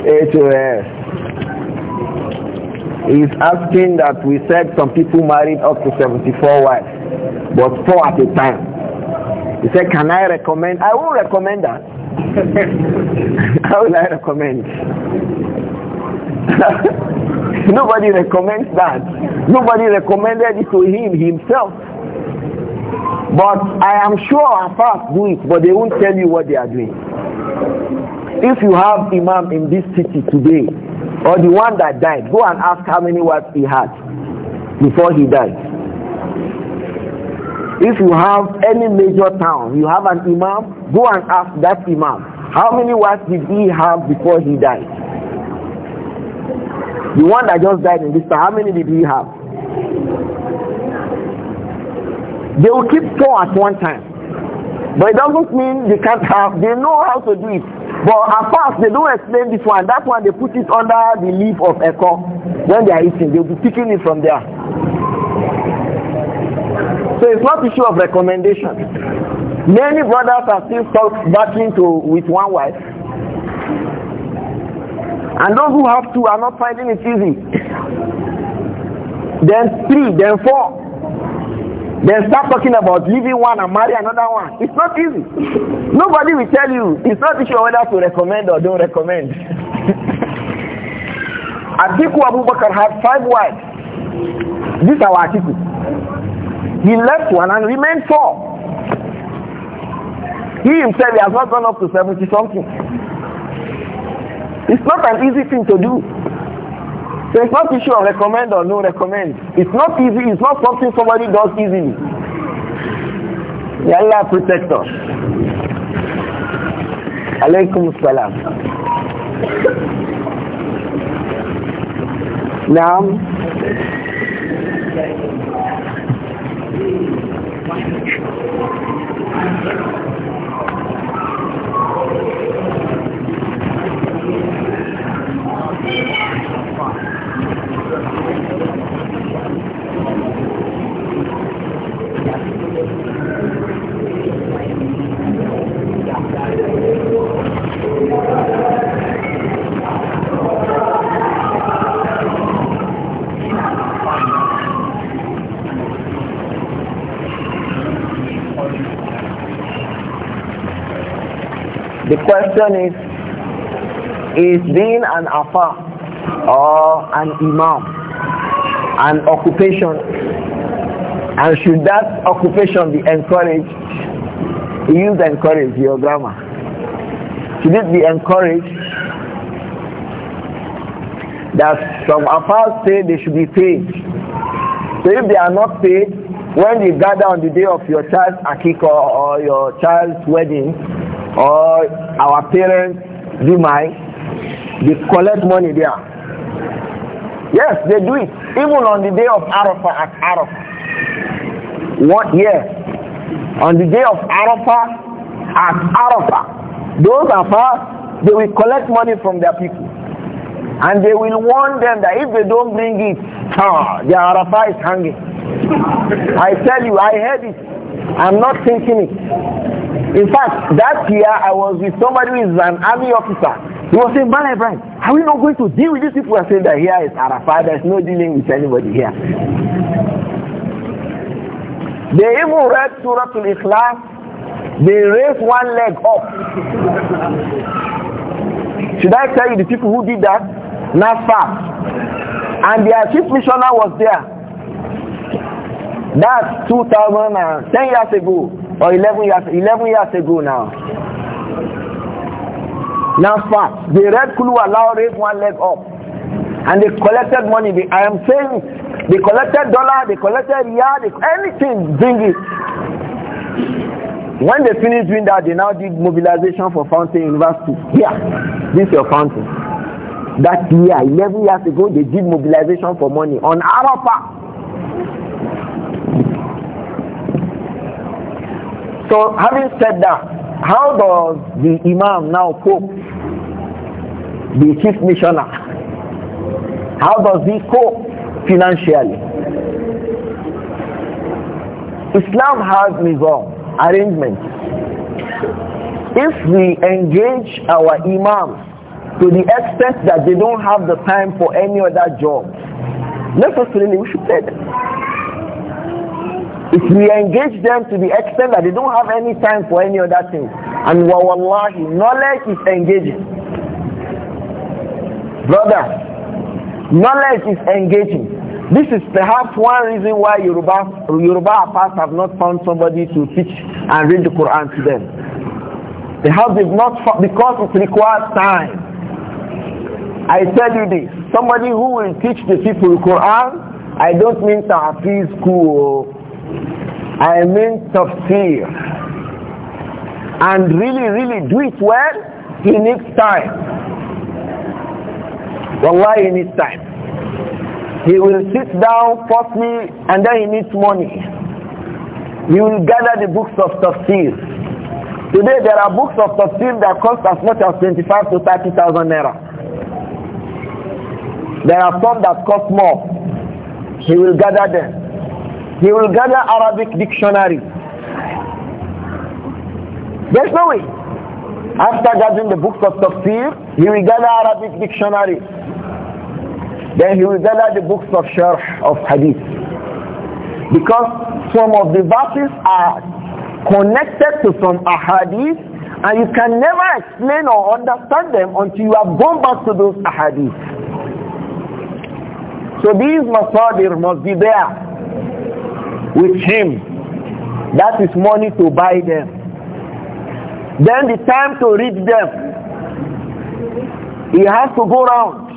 H O S. He is asking that we said some people married up to 74 wives, but four at a time. He said, can I recommend? I won't recommend that. How will I recommend? Nobody recommends that. Nobody recommended it to him himself. But I am sure our past do it, but they won't tell you what they are doing. If you have imam in this city today, or the one that died, go and ask how many wives he had before he died. If you have any major town, you have an imam, go and ask that imam, how many wives did he have before he died? The one that just died in this town, how many did he have? They will keep four at one time. But it doesn't mean they can't have, they know how to do it. But at first, they don't explain this one, that one they put it under the leaf of echo. When they are eating, they'll be picking it from there. So it's not issue of recommendation. Many brothers are still stuck battling to with one wife. And those who have two are not finding it easy. Then three, then four. Then start talking about leaving one and marry another one. It's not easy. Nobody will tell you. It's not issue whether to recommend or don't recommend. Atiku Abu Bakr had five wives. This is our Atiku. He left one and remained four. He himself he has not gone up to 70 something. It's not an easy thing to do. So it's not issue of recommend or no recommend. It's not easy. It's not something somebody does easily. May Allah protect us. Alaykum salam. Thank you. question is, is being an afa or an imam an occupation? And should that occupation be encouraged? You encourage your grammar. Should it be encouraged? That some afars say they should be paid. So if they are not paid, when you gather on the day of your child's akiko or your child's wedding, or our parents, Jumai, they collect money there. Yes, they do it. Even on the day of Arafah at Arafah. What year? On the day of Arafah at Arafah. Those are fast, they will collect money from their people. And they will warn them that if they don't bring it, ah, the Arafah is hanging. I tell you, I heard it. I'm not thinking it. In fact, that year I was with somebody who is an army officer. He was saying, Man Ibrahim, are we not going to deal with these people? I said that here is Arafat, there's no dealing with anybody here. They even read Surah al Islam. they raised one leg up. Should I tell you the people who did that? far. And their chief missioner was there. That's 2010 years ago or 11 years, 11 years ago now. Now fast. They read Kulu allowed raise one leg up. And they collected money. I am saying they collected dollar, they collected yard, anything, bring it. When they finished doing that, they now did mobilization for Fountain University. Here, this is your fountain. That year, 11 years ago, they did mobilization for money on Arafah. So having said that, how does the Imam now cope? The chief missioner. How does he cope financially? Islam has nizam, arrangement. If we engage our imams to the extent that they don't have the time for any other job, necessarily we should pay them. If we engage them to the extent that they don't have any time for any other thing, and wa wallahi, knowledge is engaging. Brother, knowledge is engaging. This is perhaps one reason why Yoruba, Yoruba past have not found somebody to teach and read the Quran to them. Perhaps they've not because it requires time. I tell you this, somebody who will teach the people Quran, I don't mean to Tafiz school I mean tafsir. And really, really do it well, he needs time. Wallahi, he needs time. He will sit down me, and then he needs money. He will gather the books of tafsir. Today there are books of tafsir that cost as much as 25 to 30,000 naira. There are some that cost more. He will gather them. He will gather Arabic dictionary. There's no way. After gathering the books of Tafsir, he will gather Arabic dictionary. Then he will gather the books of Sharh of Hadith. Because some of the verses are connected to some Ahadith and you can never explain or understand them until you have gone back to those Ahadith. So these masadir must be there with him. That is money to buy them. Then the time to reach them. He has to go round.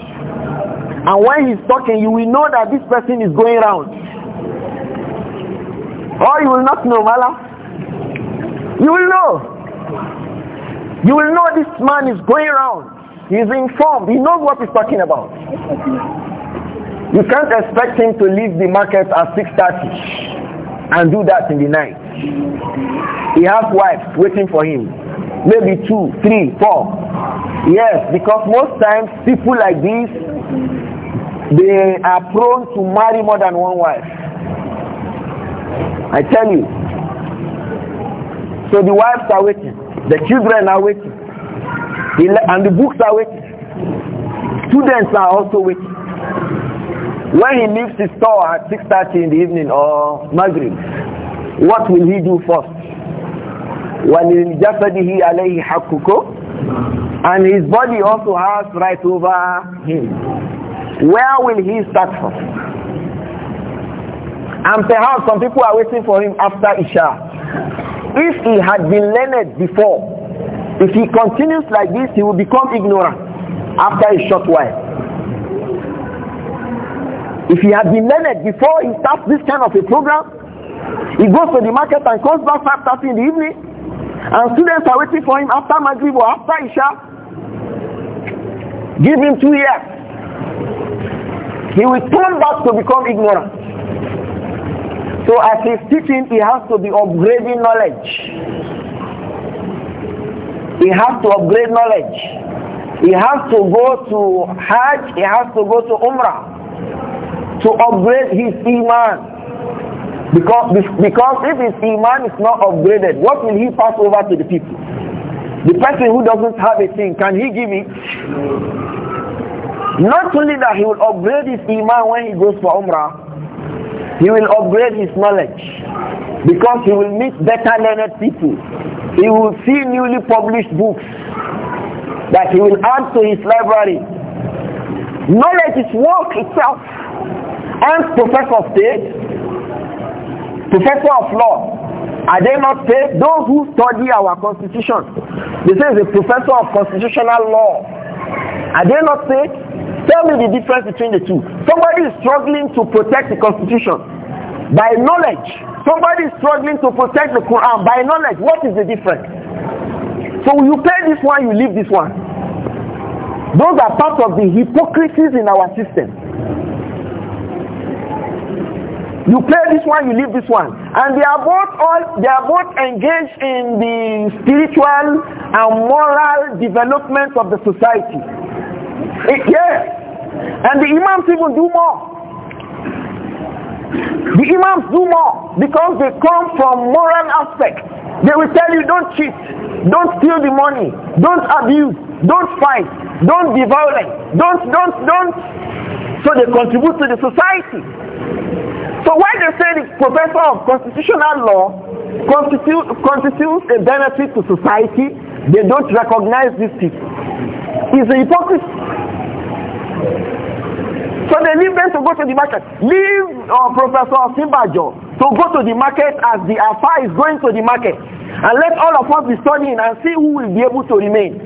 And when he's talking, you will know that this person is going round. Or you will not know, Mala. You will know. You will know this man is going round. He is informed. He knows what he's talking about. You can't expect him to leave the market at 6.30 and do that in the night. He has wives waiting for him. Maybe two, three, four. Yes, because most times people like this, they are prone to marry more than one wife. I tell you. So the wives are waiting. The children are waiting. And the books are waiting. Students are also waiting. When he leaves his store at 6.30 in the evening or Maghrib, what will he do first? he alayhi حَقُّكُ And his body also has right over him. Where will he start from? And perhaps some people are waiting for him after Isha. If he had been learned before, if he continues like this, he will become ignorant after a short while. If he had been learned before he starts this kind of a program, he goes to the market and comes back 5.30 in the evening, and students are waiting for him after Maghrib or after Isha. Give him two years. He will turn back to become ignorant. So as he's teaching, he has to be upgrading knowledge. He has to upgrade knowledge. He has to go to Hajj, he has to go to Umrah to upgrade his iman. Because, because if his iman is not upgraded, what will he pass over to the people? The person who doesn't have a thing, can he give it? Not only that, he will upgrade his iman when he goes for Umrah, he will upgrade his knowledge because he will meet better learned people. He will see newly published books that he will add to his library. Knowledge is work itself. And professor of state, Professor of law, are they not paid? Those who study our constitution. This is a professor of constitutional law. Are they not paid? Tell me the difference between the two. Somebody is struggling to protect the constitution by knowledge. Somebody is struggling to protect the Quran by knowledge. What is the difference? So you pay this one, you leave this one. Those are part of the hypocrisies in our system. You play this one, you leave this one. And they are both all they are both engaged in the spiritual and moral development of the society. It, eh, yes. And the imams even do more. The imams do more because they come from moral aspect. They will tell you don't cheat, don't steal the money, don't abuse, don't fight, don't be violent, don't, don't, don't. So they contribute to the society. So when they say the professor of constitutional law constitute, constitutes a benefit to society, they don't recognize these people. It's a hypocrisy. So they leave them to go to the market. Leave uh, Professor Simbajo to go to the market as the Afar is going to the market. And let all of us be studying and see who will be able to remain.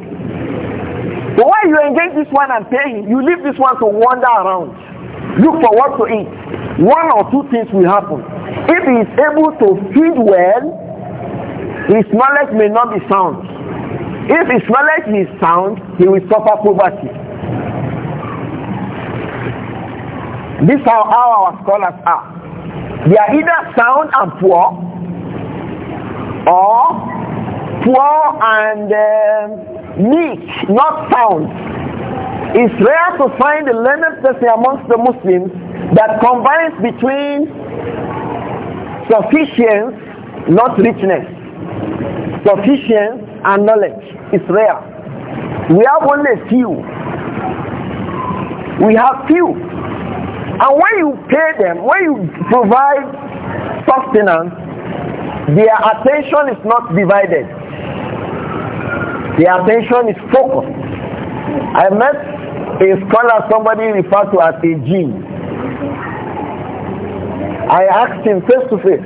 So why you engage this one and pay him, you leave this one to wander around. Look for what to eat one or two things will happen. If he is able to feed well, his knowledge may not be sound. If his knowledge is sound, he will suffer poverty. This is how our scholars are. They are either sound and poor, or poor and uh, meek, not sound. It's rare to find a learned person amongst the Muslims that combines between sufficiency, not richness, sufficiency and knowledge. is rare. We have only a few. We have few. And when you pay them, when you provide sustenance, their attention is not divided. Their attention is focused. I met a scholar somebody referred to as a gene. I asked him face to face,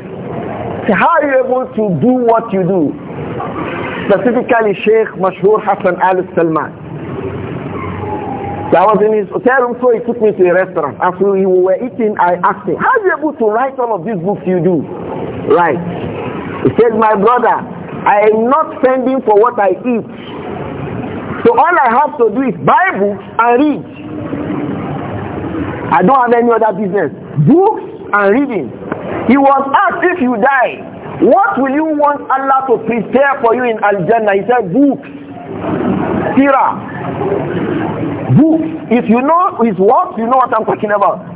how are you able to do what you do? Specifically Sheikh Mashhur Hassan Al Salman. So I was in his hotel room, so he took me to a restaurant. After we were eating, I asked him, how are you able to write all of these books you do? Right. He said, my brother, I am not sending for what I eat. So all I have to do is buy books and read. I don't have any other business. Books and reading. He was asked if you die, what will you want Allah to prepare for you in Al-Jannah? He said, books. Sirah. Books. If you know his works, you know what I'm talking about.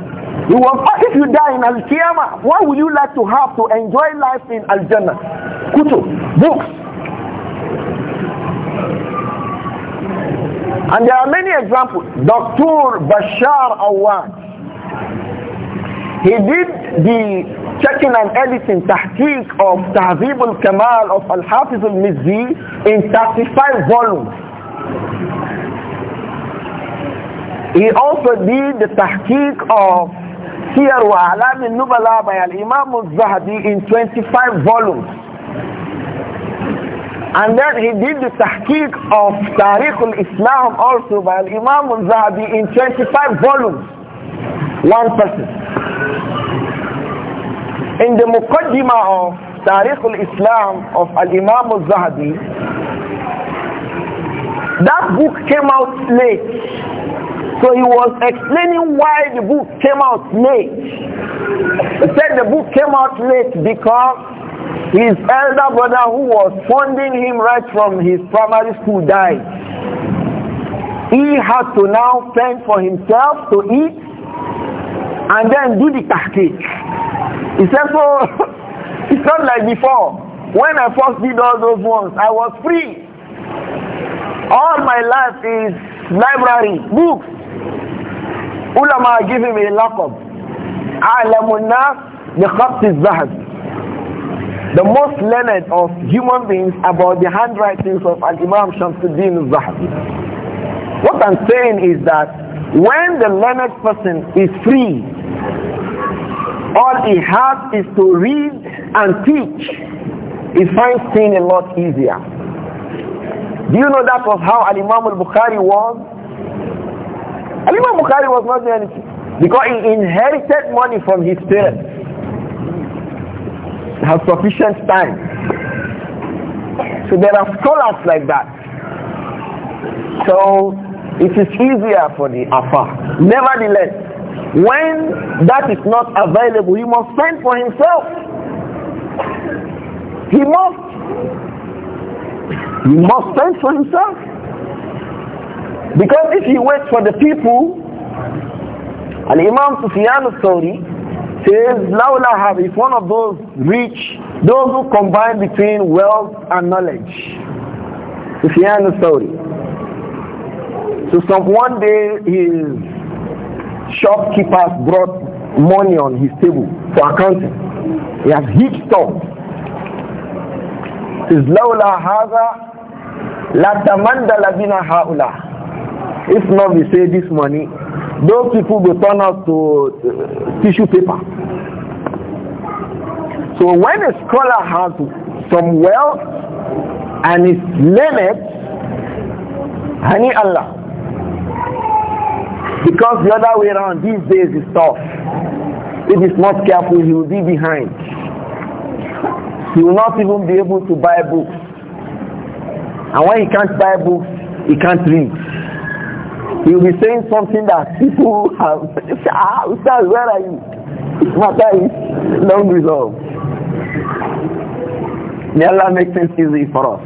He was asked if you die in Al-Qiyamah, what would you like to have to enjoy life in Al-Jannah? Kutu. Books. And there are many examples. Dr. Bashar Awad. He did the checking and editing tahqiq of Tahzib al-Kamal of Al-Hafiz al-Mizzi in 35 volumes. He also did the tahqiq of Siyar wa Alam al-Nubala by Al-Imam al-Zahabi in 25 volumes. And then he did the tahqiq of Tariq al-Islam also by Al-Imam al-Zahabi in 25 volumes. One person. In the Mukaddima of Tariq al-Islam of Al-Imam al-Zahabi, that book came out late. So he was explaining why the book came out late. He said the book came out late because his elder brother who was funding him right from his primary school died. He had to now fend for himself to eat and then do the tahqiq. He said, so it's not like before. When I first did all those ones, I was free. All my life is library, books. Ulama giving me a laqab. A'lamun nas bi The most learned of human beings about the handwritings of Al-Imam Shamsuddin al-Zahabi. What I'm saying is that when the learned person is free, all he has is to read and teach. He finds things a lot easier. Do you know that was how Al-Imam al-Bukhari was? Al-Imam bukhari was not doing anything because he inherited money from his parents. He has sufficient time. So there are scholars like that. So it is easier for the afar. Nevertheless, when that is not available, he must fend for himself. He must. He must fend for himself. Because if he waits for the people, and Imam Sufyan al says, Laula have is one of those rich, those who combine between wealth and knowledge. Sufyan al so some one day his shopkeepers brought money on his table for accounting. He has heaped up. Is laula haza la tamanda labina haula. If not, we say this money, those people will turn out to uh, tissue paper. So when a scholar has some wealth and is limits, honey Allah, because the other way around these days is tough. If he's not careful, he will be behind. He will not even be able to buy books. And when he can't buy books, he can't read. He will be saying something that people have, ah, Ustaz, where are you? Matter is long resolve. May Allah make things easy for us.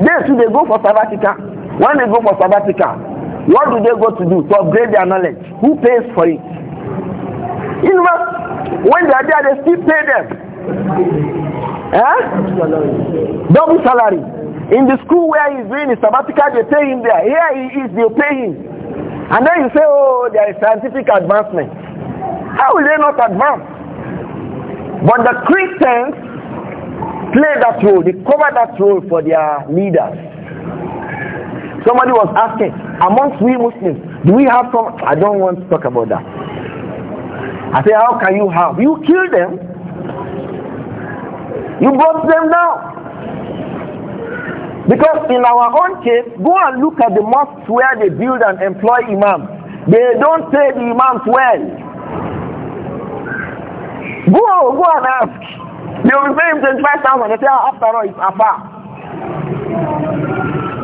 They should they go for sabbatical. When they go for sabbatical, what do they go to do to upgrade their knowledge? Who pays for it? In fact, when they are there, they still pay them. Eh? Double salary. In the school where he's doing his sabbatical, they pay him there. Here he is, they pay him. And then you say, oh, there is scientific advancement. How will they not advance? But the Christians play that role. They cover that role for their leaders. Somebody was asking, amongst we Muslims, do we have some? I don't want to talk about that. I say, how can you have? You kill them. You brought them down. Because in our own case, go and look at the mosques where they build and employ imams. They don't pay the imams well. Go, go and ask. They will pay him 25,000. They say, ah, after all, it's afar.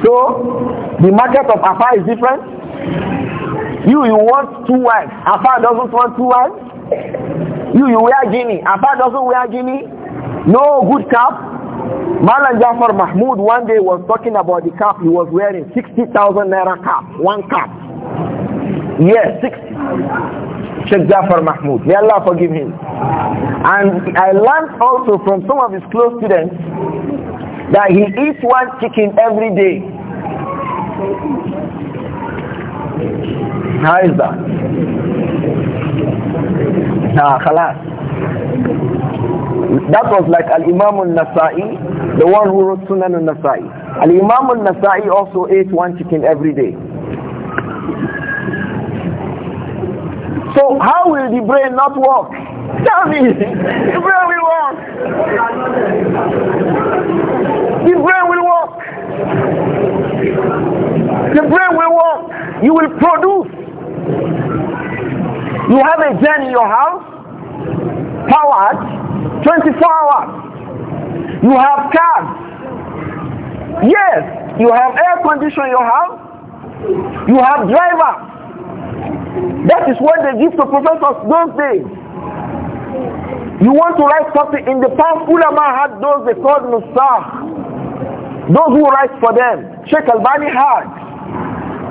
So, the market of Afar is different. You, you want two wives. Afar doesn't want two wives. You, you wear guinea. Afar doesn't wear guinea. No good cap. Malan Jafar Mahmoud one day was talking about the cap he was wearing. 60,000 naira cap. One cap. Yes, 60. Sheikh Jafar Mahmoud. May Allah forgive him. And I learned also from some of his close students that he eats one chicken every day. How is that? Nah, khalas. That was like Al-Imam al-Nasa'i, the one who wrote Sunan al-Nasa'i. Al-Imam al-Nasa'i also ate one chicken every day. So how will the brain not work? Tell me, the brain will work. The brain will work. The brain will work. You will produce. You have a gen in your house, powered 24 hours. You have cars. Yes, you have air conditioning in your house. You have driver. That is what they give to professors those days. You want to write something in the past, ulama had those they called Nusah. Those who write for them. Sheikh Albani had.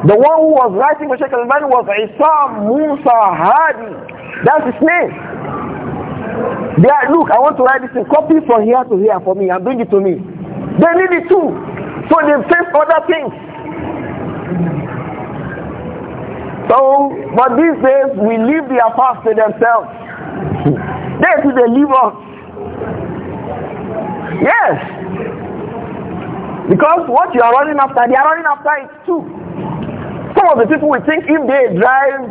The one who was writing for Sheikh Al-Bani was Isam Musa Hadi. That's his name. They are, look, I want to write this in copy from here to here for me and bring it to me. They need it too. So they face other things. So, but these days we leave their past to themselves. They to the leave Yes. Because what you are running after, they are running after it too. Some of the people will think if they drive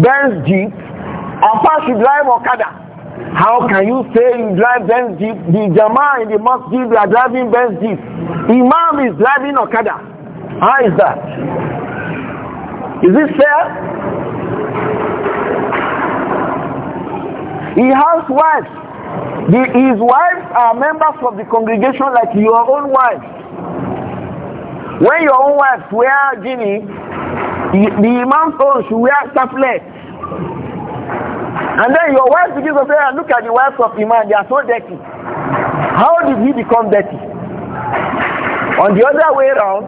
Benz Jeep, Alpha should drive Okada. How can you say you drive Benz Jeep? The Jama in the mosque they are driving Benz Jeep. Imam is driving Okada. How is that? Is this fair? He has wives. The, his wives are members of the congregation like your own wives. When your own wife wear genie, the imam own should wear staplet. And then your wife begins to say, ah, look at the wives of imam, they are so dirty. How did he become dirty? On the other way around,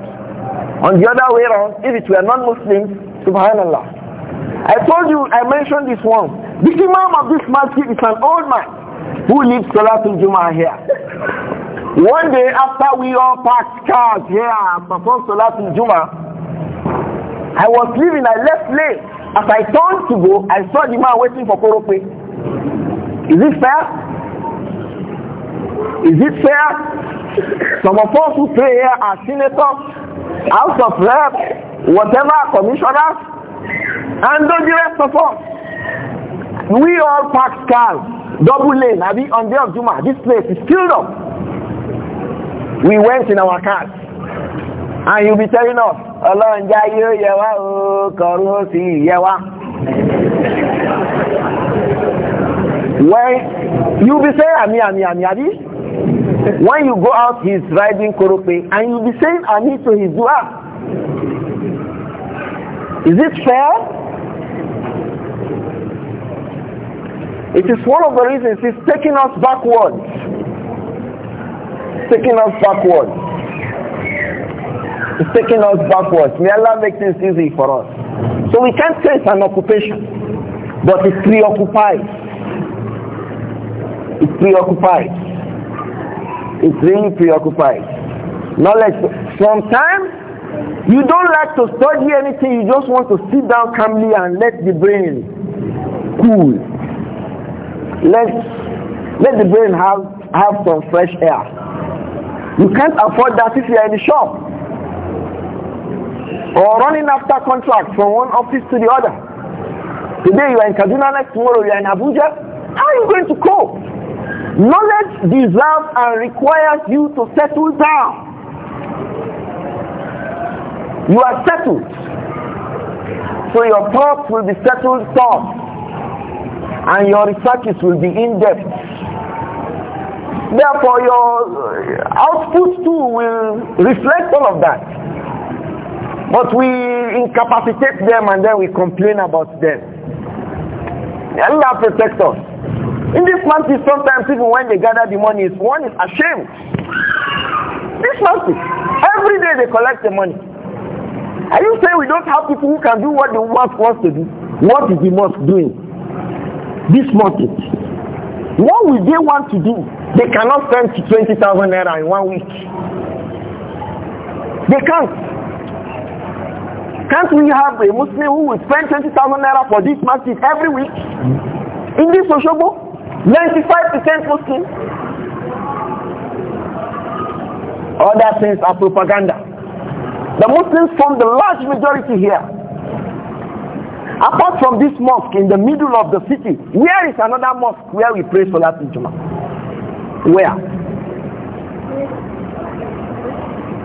on the other way around, if it were non-Muslims, subhanallah. I told you, I mentioned this once. The imam of this masjid is an old man who leads Salatul Juma here. One day after we all parked cars here and performed Salat in Juma, I was leaving, I left late. As I turned to go, I saw the man waiting for Korope. Is it fair? Is it fair? Some of us who pray here are senators, House of Rep, whatever, commissioners, and the rest of us. We all parked cars, double lane, I mean, on day of Juma. This place is filled up. We went in our cars. And you'll be telling us, Allah njayo yewa o koro si yewa. When you'll be saying Ami Ami Ami Abi, when you go out he's riding Korope and you'll be saying Ami to his dua. Is it fair? It is one of the reasons it's taking us backwards. It's taking us backwards. It's taking us backwards. May Allah make things easy for us. So we can't say it's an occupation, but it's preoccupied. It's preoccupied. It's really preoccupied. Knowledge. Sometimes you don't like to study anything. You just want to sit down calmly and let the brain cool. Let let the brain have have some fresh air. You can't afford that if you are in the shop. Or running after contracts from one office to the other. Today you are in Kaduna, next tomorrow you are in Abuja. How are you going to cope? Knowledge deserves and requires you to settle down. You are settled. So your thoughts will be settled thoughts. And your researches will be in-depth. Therefore, your output too will reflect all of that. But we incapacitate them and then we complain about them. Allah protect us. In this month, sometimes even when they gather the money, one is ashamed. This month, every day they collect the money. Are you saying we don't have people who can do what the mosque wants to do? What is the mosque doing? This month. What will they want to do? They cannot spend 20,000 naira in one week. They can't. Can't we have a Muslim who will spend 20,000 naira for this masjid every week? In this Oshobo, 95% Muslim. Other things are propaganda. The Muslims form the large majority here. Apart from this mosque in the middle of the city, where is another mosque where we pray Salat Juma? Where?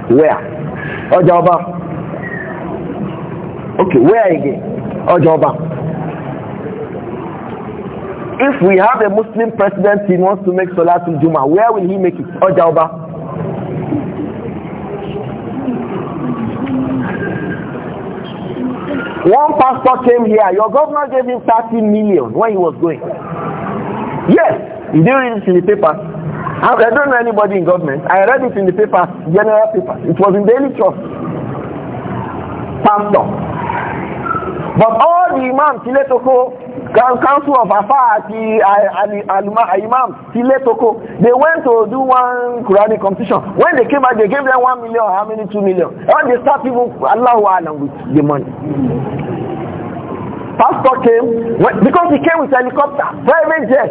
Where? Ojoba. Okay, where again? Ojoba. If we have a Muslim president, he wants to make Salatul Juma, where will he make it? Ojoba. One pastor came here, your governor gave him 30 million when he was going. Yes, you didn't read it in the paper. I don't know anybody in government. I read it in the paper, general paper. It was in Daily Trust. Pastor. But all the imams, Siletoko, council of Afa àti Imam ti they went to do one Quranic competition. When they came back, they gave them one million or how many, two million. And they start even Allahu Alam with the money. Pastor came, because he came with helicopter, private jet.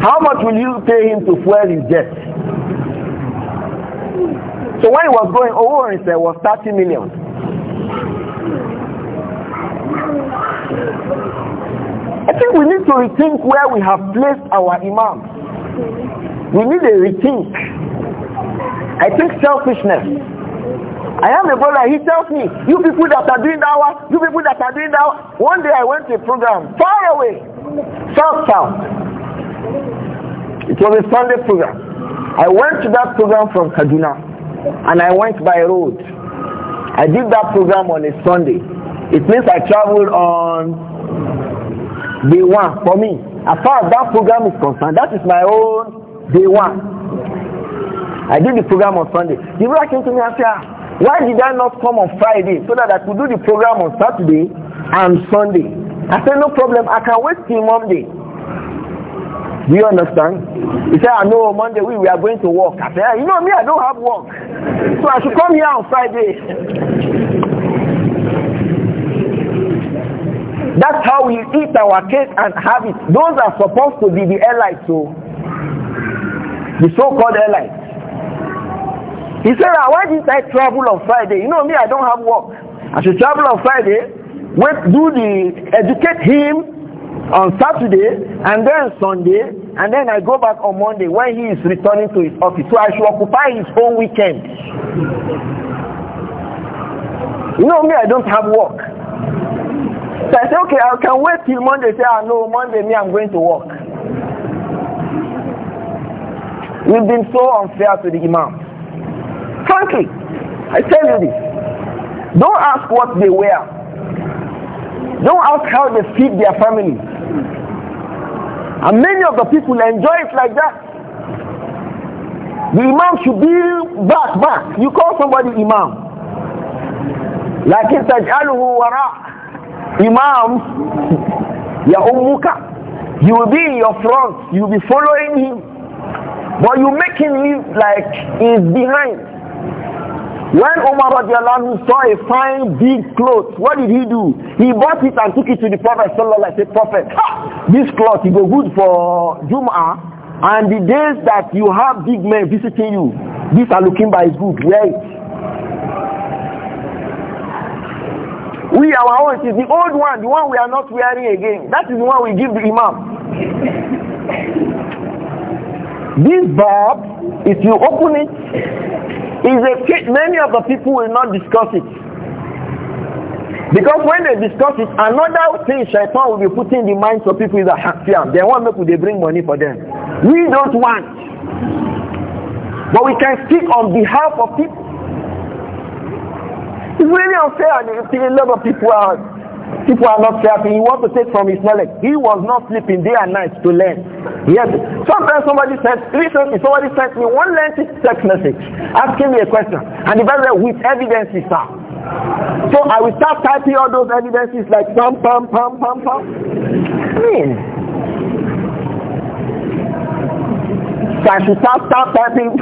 How much will you pay him to fuel his jet? So when he was going, over, he said was 30 million. I think we need to rethink where we have placed our imams. We need a rethink. I think selfishness. I am a brother, he tells me, you people that are doing one, you people that are doing dawah. One day I went to a program far away, South Town. It was a Sunday program. I went to that program from Kaduna and I went by road. I did that program on a Sunday. It means I traveled on day one for me. As far as that program is concerned, that is my own day one. I did the program on Sunday. The brother came to me and said, ah, why did I not come on Friday so that I could do the program on Saturday and Sunday? I said, no problem. I can wait till Monday. Do you understand? He said, I know Monday we, we are going to work. I said, ah, you know me, I don't have work. So I should come here on Friday. That's how we eat our cake and have it. Those are supposed to be the allies, so oh. the so-called allies. He said, ah, why didn't I travel on Friday? You know me, I don't have work. I should travel on Friday, wait, do the, educate him on Saturday and then Sunday and then I go back on Monday when he is returning to his office. So I should occupy his whole weekend. You know me, I don't have work. So I say, okay, I can wait till Monday. Say, I ah, know Monday, me, I'm going to work. We've been so unfair to the Imam. Frankly, I tell you this. Don't ask what they wear. Don't ask how they feed their family. And many of the people enjoy it like that. The imam should be back, back. You call somebody imam. Like he said, Alhu wara imam, ya ummuka, you will be in your front, you will be following him. But you make him live like he's behind. When Umar radiallahu saw a fine big cloth, what did he do? He bought it and took it to the Prophet sallallahu alaihi Prophet, ha! this cloth, is go good for Juma and the days that you have big men visiting you, these are looking by his good, right. We, our own, it is the old one, the one we are not wearing again. That is the one we give the imam. This bab, if you open it, is a many of the people will not discuss it. Because when they discuss it, another thing shaitan will be putting the minds of people is a hafiyam. Ah, they want make they bring money for them. We don't want. But we can speak on behalf of people. It's really unfair. you A lot of people are people are not careful. He want to take from his knowledge. He was not sleeping day and night to learn. Yes. Sometimes somebody sent recently somebody sent me one lengthy text message asking me a question. And the Bible with evidences sir. So I will start typing all those evidences like pam pam pam pam pam. I mean, can she start start typing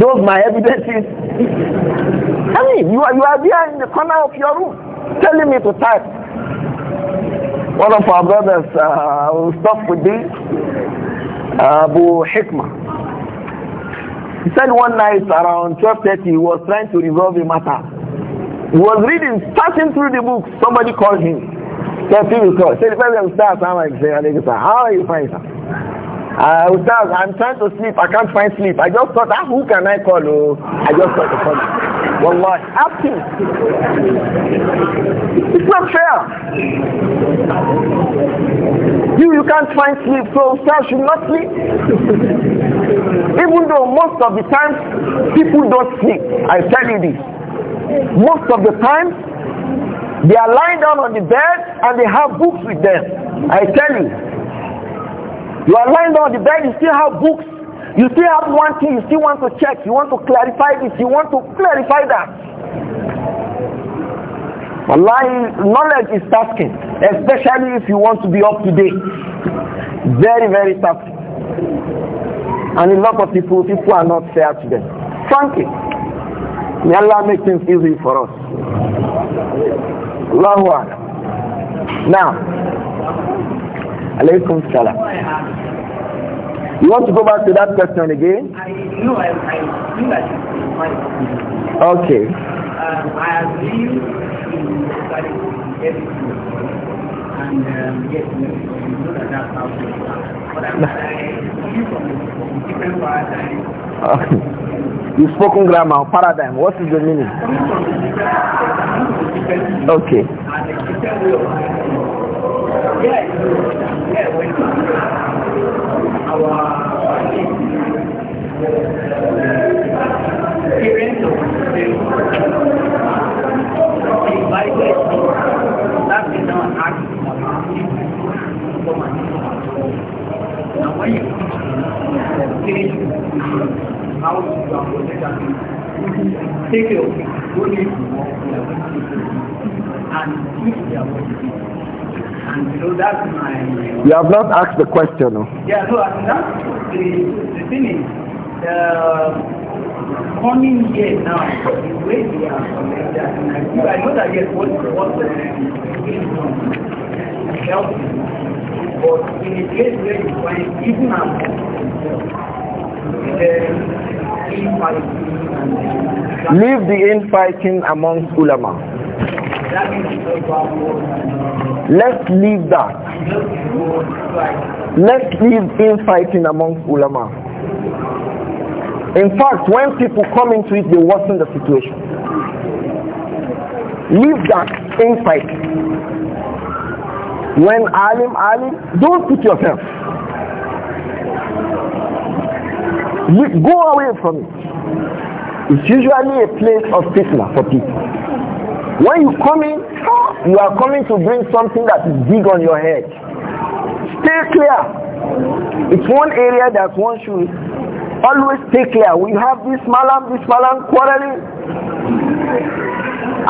those my evidences? I mean, you are you are there in the corner of your room telling me to type. One of our brothers uh, will stop with this Abu Hikmah. He said one night around 12.30 he was trying to resolve a matter. He was reading, starting through the book. Somebody called him. So people called. Said, the president, how are you fine, sir? Uh, Ustaz, I'm trying to sleep. I can't find sleep. I just thought, ah, who can I call? Oh, I just thought to call. Wallah, ask him. It's not fair. You, you can't find sleep, so Ustaz should not sleep. Even though most of the time, people don't sleep. I tell you this. Most of the time, they are lying down on the bed and they have books with them. I tell you, you are lying down on the bed, you still have books. You still have one thing, you still want to check. You want to clarify this, you want to clarify that. Allah, knowledge is tasking, especially if you want to be up to date. Very, very tasking. And a lot of people, people are not fair to them. Frankly, may Allah make things easy for us. Allahu Now, Alaykum salam. You want to go back to that question again? I, no, I, I think that. Okay. Um, I agree in study, and um, yes, you know that You've spoken grammar, paradigm. What is the meaning? Okay. Yeah, yeah, wait. Our parents invited that is not act for money. Now when you teach them how to approach that, take your good and teach their what And so that's my. You have not asked the question. No? Yeah, so that's the, the thing is, the coming here now, the way we are connected, and I, feel, I know that yes, what, what the is helping, but in a case where you find even as Leave the infighting among ulama. Let's leave that. Let's leave infighting amongst ulama. In fact, when people come into it, they worsen the situation. Leave that infighting when alim alim don't put yourself go away from it it's usually a place of fitna for people when you come in, you are coming to bring something that is big on your head. Stay clear. It's one area that one should always stay clear. We have this malam, this malam quarreling.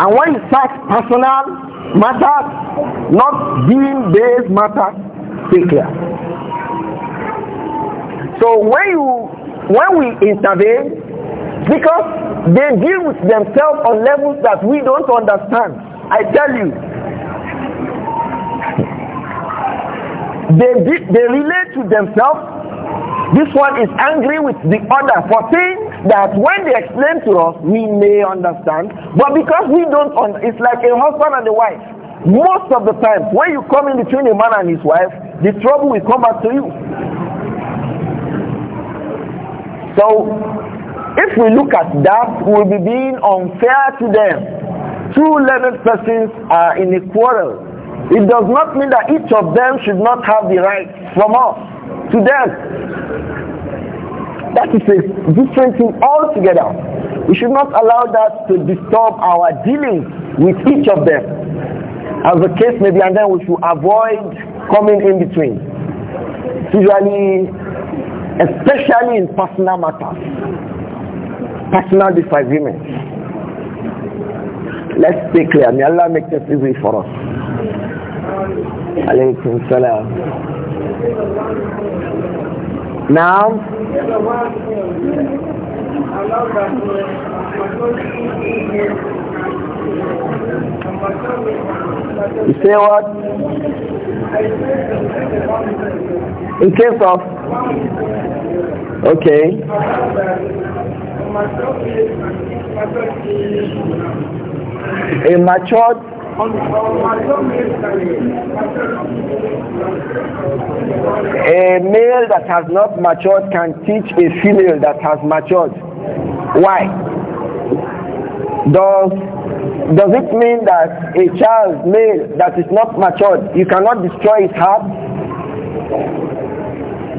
And when you start personal matters, not being based matters, stay clear. So when you when we intervene, because they deal with themselves on levels that we don't understand. I tell you. They, they relate to themselves. This one is angry with the other for things that when they explain to us, we may understand. But because we don't, it's like a husband and a wife. Most of the time, when you come in between a man and his wife, the trouble will come back to you. So if we look at that, we'll be being unfair to them. Two learned persons are in a quarrel. It does not mean that each of them should not have the right from us to them. That is a different thing altogether. We should not allow that to disturb our dealings with each of them. As the case may be, and then we should avoid coming in between. Usually, especially in personal matters personal disagreement. Let's be clear. May Allah make this easy for us. Alaykum salam. Now, say what? In case of Okay. A matured A male that has not matured can teach a female that has matured. Why? Does does it mean that a child male that is not matured, you cannot destroy his heart?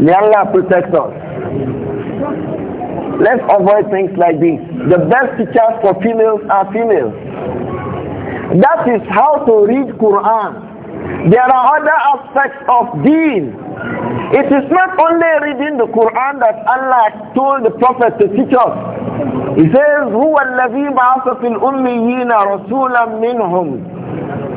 May Allah protect us. Let's avoid things like this. The best teachers for females are females. That is how to read Quran. There are other aspects of deen. It is not only reading the Quran that Allah told the Prophet to teach us. He says, هو الذي بعث في الأميين رسولا منهم.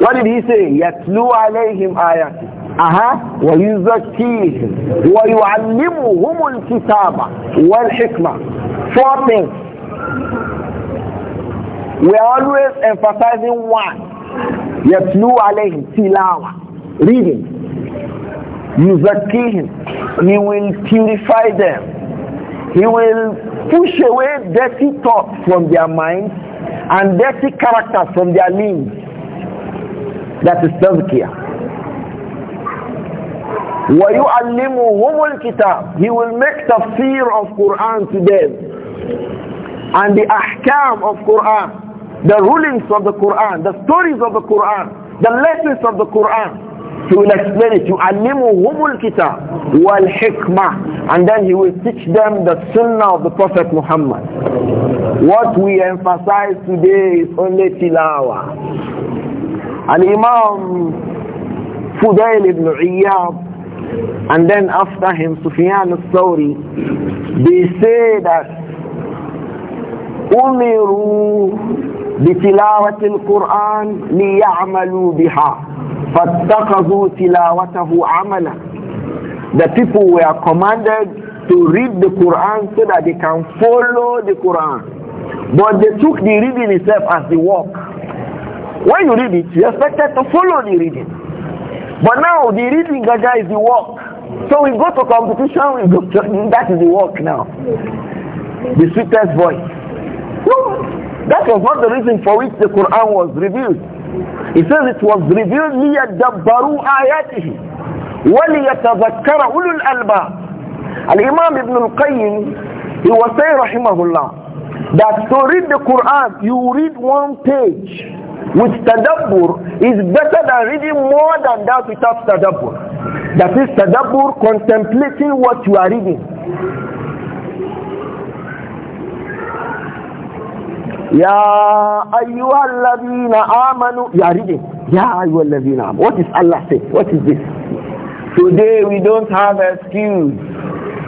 What did he say? يتلو عليهم آياته. أها ويزكيهم ويعلمهم الكتاب والحكمة. Four things. We are always emphasizing one. يَتْلُو عَلَيْهِمْ تِلَاوَةً Reading. يُزَكِّيهِمْ He will purify them. He will push away dirty thoughts from their minds and dirty characters from their limbs. That is tazkiyah. وَيُعَلِّمُهُمُ الْكِتَابِ He will make tafsir of Quran to them and the ahkam of Quran the rulings of the Quran, the stories of the Quran, the lessons of the Quran. He will explain it. You alimuhumul kitab And then he will teach them the sunnah of the Prophet Muhammad. What we emphasize today is only tilawa. And Imam Fudail ibn Iyab and then after him Sufyan al they say that أمروا بتلاوة القرآن ليعملوا بها فاتخذوا تلاوته عملا The people were commanded to read the Quran so that they can follow the Quran. But they took the reading itself as the work. When you read it, you expected to follow the reading. But now the reading gaga is the work. So we go to competition, we go to, that is the work now. The sweetest voice. That was not the reason for which the Quran was revealed. He says it was revealed لِيَدَّبَّرُوا آيَاتِهِ ulul أُولُو الْأَلْبَابِ Al-Imam Ibn al-Qayyim, he was saying, rahimahullah, that to read the Quran, you read one page with tadabbur is better than reading more than that without tadabbur. That is tadabbur, contemplating what you are reading. Ya ayyuhallazina amanu. You are reading. Ya ayyuhallazina amanu. What is Allah say? What is this? Today we don't have excuse.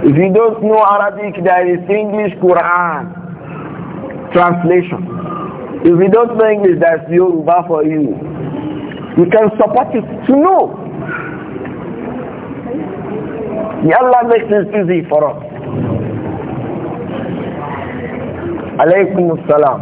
If you don't know Arabic, there is English Quran translation. If you don't know English, there's Yoruba for you. You can support it to know. Allah makes this easy for us. Alaykum salam.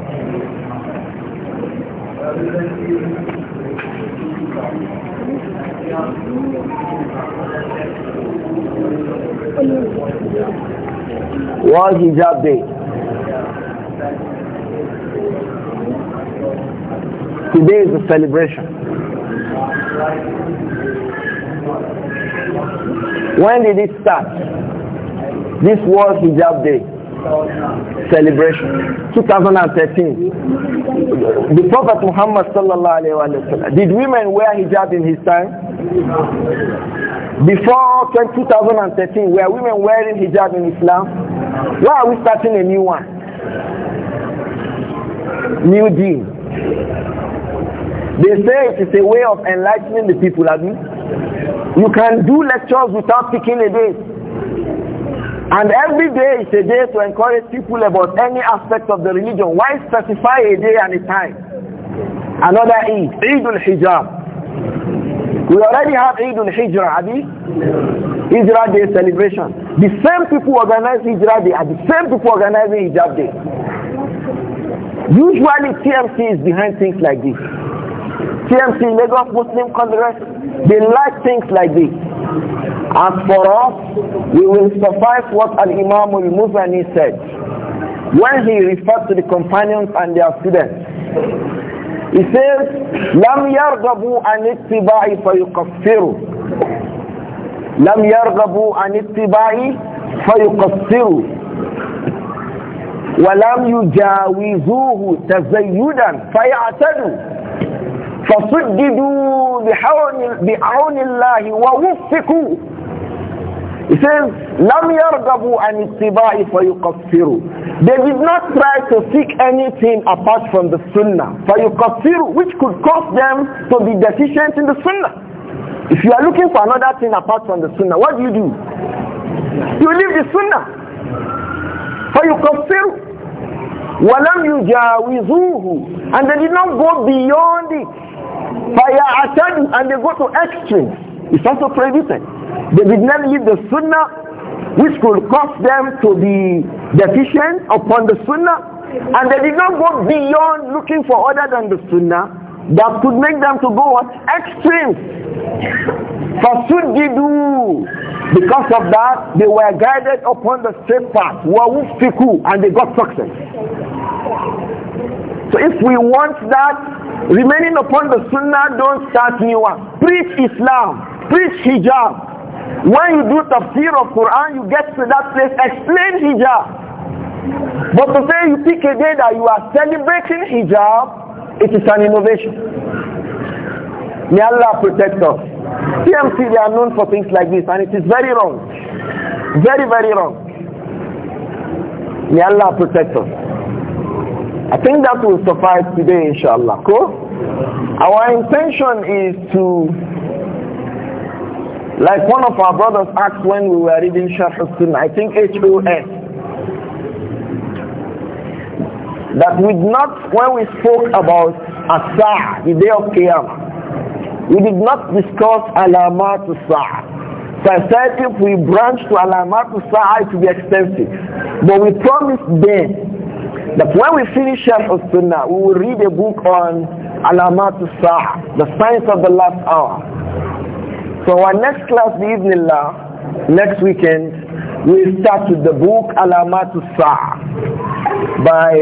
World Hijab Day. Today is a celebration. When did it start? This was Hijab Day celebration. 2013. The Prophet Muhammad sallallahu alayhi wa sallam, did women wear hijab in his time? Before 2013, were women wearing hijab in Islam? Why are we starting a new one? New deal. They say it is a way of enlightening the people, Abi. You can do lectures without picking a date. And every day is a day to encourage people about any aspect of the religion. Why specify a day and a time? Another Eid, Eid al-Hijab. We already have Eid al-Hijrah, Abi. Hijrah Day celebration. The same people organize Hijrah Day are the same people organizing Hijab Day. Usually TMC is behind things like this. TMC, Lagos Muslim Congress, they like things like this. As for us, we will suffice what an Imam al Muzani said when he referred to the companions and their students. He says, Lam yargabu an ittiba'i fayuqassiru. Lam yargabu an ittiba'i fayuqassiru. Walam yujawizuhu tazayyudan fayatadu. فصددوا بعون بعون الله ووفقوا He says, لم يرغبوا عن اتباع فيقصروا. They did not try to seek anything apart from the sunnah. فيقصروا, which could cause them to be deficient in the sunnah. If you are looking for another thing apart from the sunnah, what do you do? You leave the sunnah. فيقصروا. ولم يجاوزوه. And they did not go beyond it. فَيَعْتَدُ And they go to extremes. It's also prohibited. They did not leave the sunnah which could cause them to be deficient upon the sunnah. And they did not go beyond looking for other than the sunnah that could make them to go at extremes. do Because of that, they were guided upon the straight path. وَوُفِّكُوا And they got success. So if we want that, Remaining upon the sunnah, don't start new one. Preach Islam. Preach hijab. When you do tafsir of Quran, you get to that place, explain hijab. But to say you pick a day that you are celebrating hijab, it is an innovation. May Allah protect us. TMC, they are known for things like this, and it is very wrong. Very, very wrong. May Allah protect us. I think that will suffice today, inshallah. Cool? Our intention is to, like one of our brothers asked when we were reading Sharh I think H-O-S, that we did not, when we spoke about Asa, the day of Qiyamah, we did not discuss Alamat Asa. So I said if we branch to Alamat Asa, it will be extensive. But we promised then that when we finish Sharh al-Sunnah, we will read a book on Alamat al the signs of the last hour. So our next class, bi'idhnillah, next weekend, we we'll start with the book Alamat al by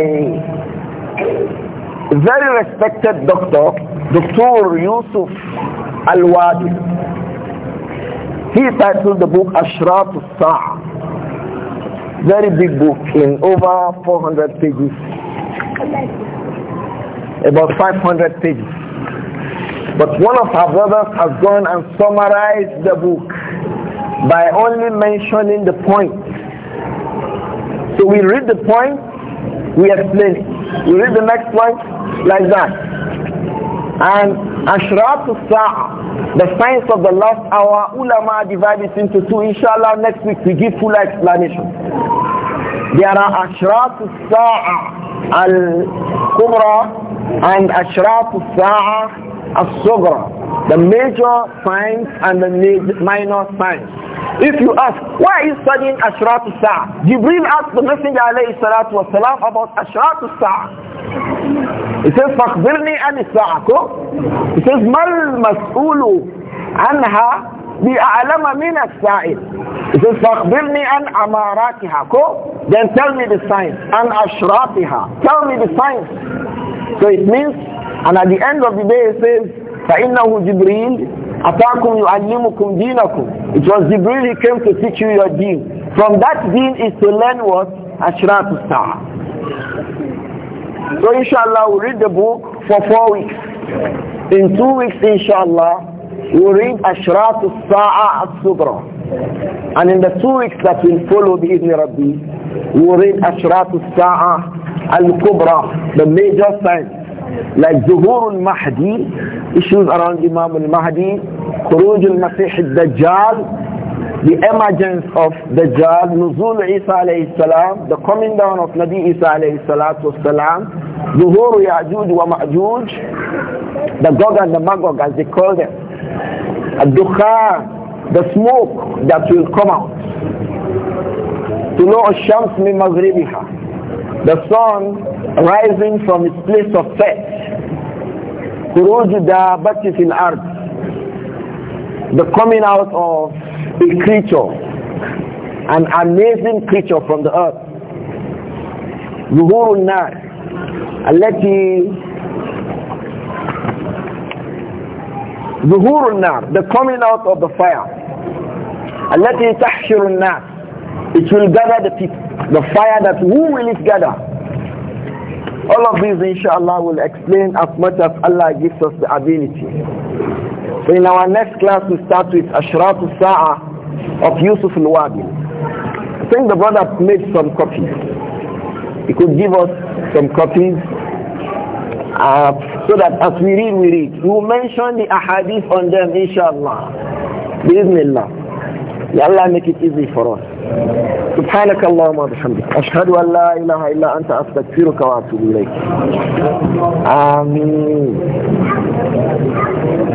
very respected doctor, Dr. Yusuf Al-Wadi. He titled the book Ashraf al very big book in over 400 pages, about 500 pages. But one of our brothers has gone and summarized the book by only mentioning the point. So we read the point, we explain it. We read the next point like that. And Ashraf the signs of the last hour, ulama it into two. Inshallah, next week we give full explanation. There are ashraf al-sa'a al-kubra and ashraf al-sa'a al-sugra. The major signs and the minor signs. If you ask, why are you studying ashraf al-sa'a? Jibril asked the Messenger alayhi salatu wasalam about ashraf al-sa'a. It says, فَاخْبِرْنِي عن السَّاعَةُ It says, مَا الْمَسْئُولُ عَنْهَا بِأَعْلَمَ مِنَ السَّائِلِ It says, فَاخْبِرْنِي عن أَمَارَاتِهَا Go, then tell me the signs. أَنْ أَشْرَاتِهَا Tell me the signs. So it means, and at the end of the day it says, فَإِنَّهُ جِبْرِيلٌ أتاكم يعلمكم دينكم It was جبريل he came to teach you your deen. From that deen is to learn what? Ashrat الساعة So inshallah we'll read the book for four weeks. In two weeks inshallah we'll read Ashrat al-Sa'a al-Subra. And in the two weeks that will follow the Ibn Rabbi, we'll read Ashrat al-Sa'a al-Kubra, the major signs. Like Zuhur al-Mahdi, issues around Imam al-Mahdi, Khuruj al-Masih al-Dajjal, the emergence of Dajjal, Nuzul Isa alayhi salam, the coming down of Nabi Isa alayhi salatu salam, Zuhur Ya'jud wa Ma'jud, the Gog and the Magog as they call them, Ad-Dukhan, the smoke that will come out. Tulu Shams min Maghribiha, the sun rising from its place of set. Khuruj dabati fil ard the coming out of a creature, an amazing creature from the earth. ظهور النار التي ظهور النار the coming out of the fire التي تحشر النار it will gather the people the fire that who will it gather all of these inshallah will explain as much as Allah gives us the ability so in our next class we start with Ashratu al of Yusuf al Wadi. I think the brother made some copies. He could give us some copies uh, so that as we read, we read. We will mention the ahadith on them, inshallah. Bismillah. Ya Allah make it easy for us. سبحانك اللهم وبحمدك أشهد أن لا إله إلا أنت أستغفرك وأتوب إليك آمين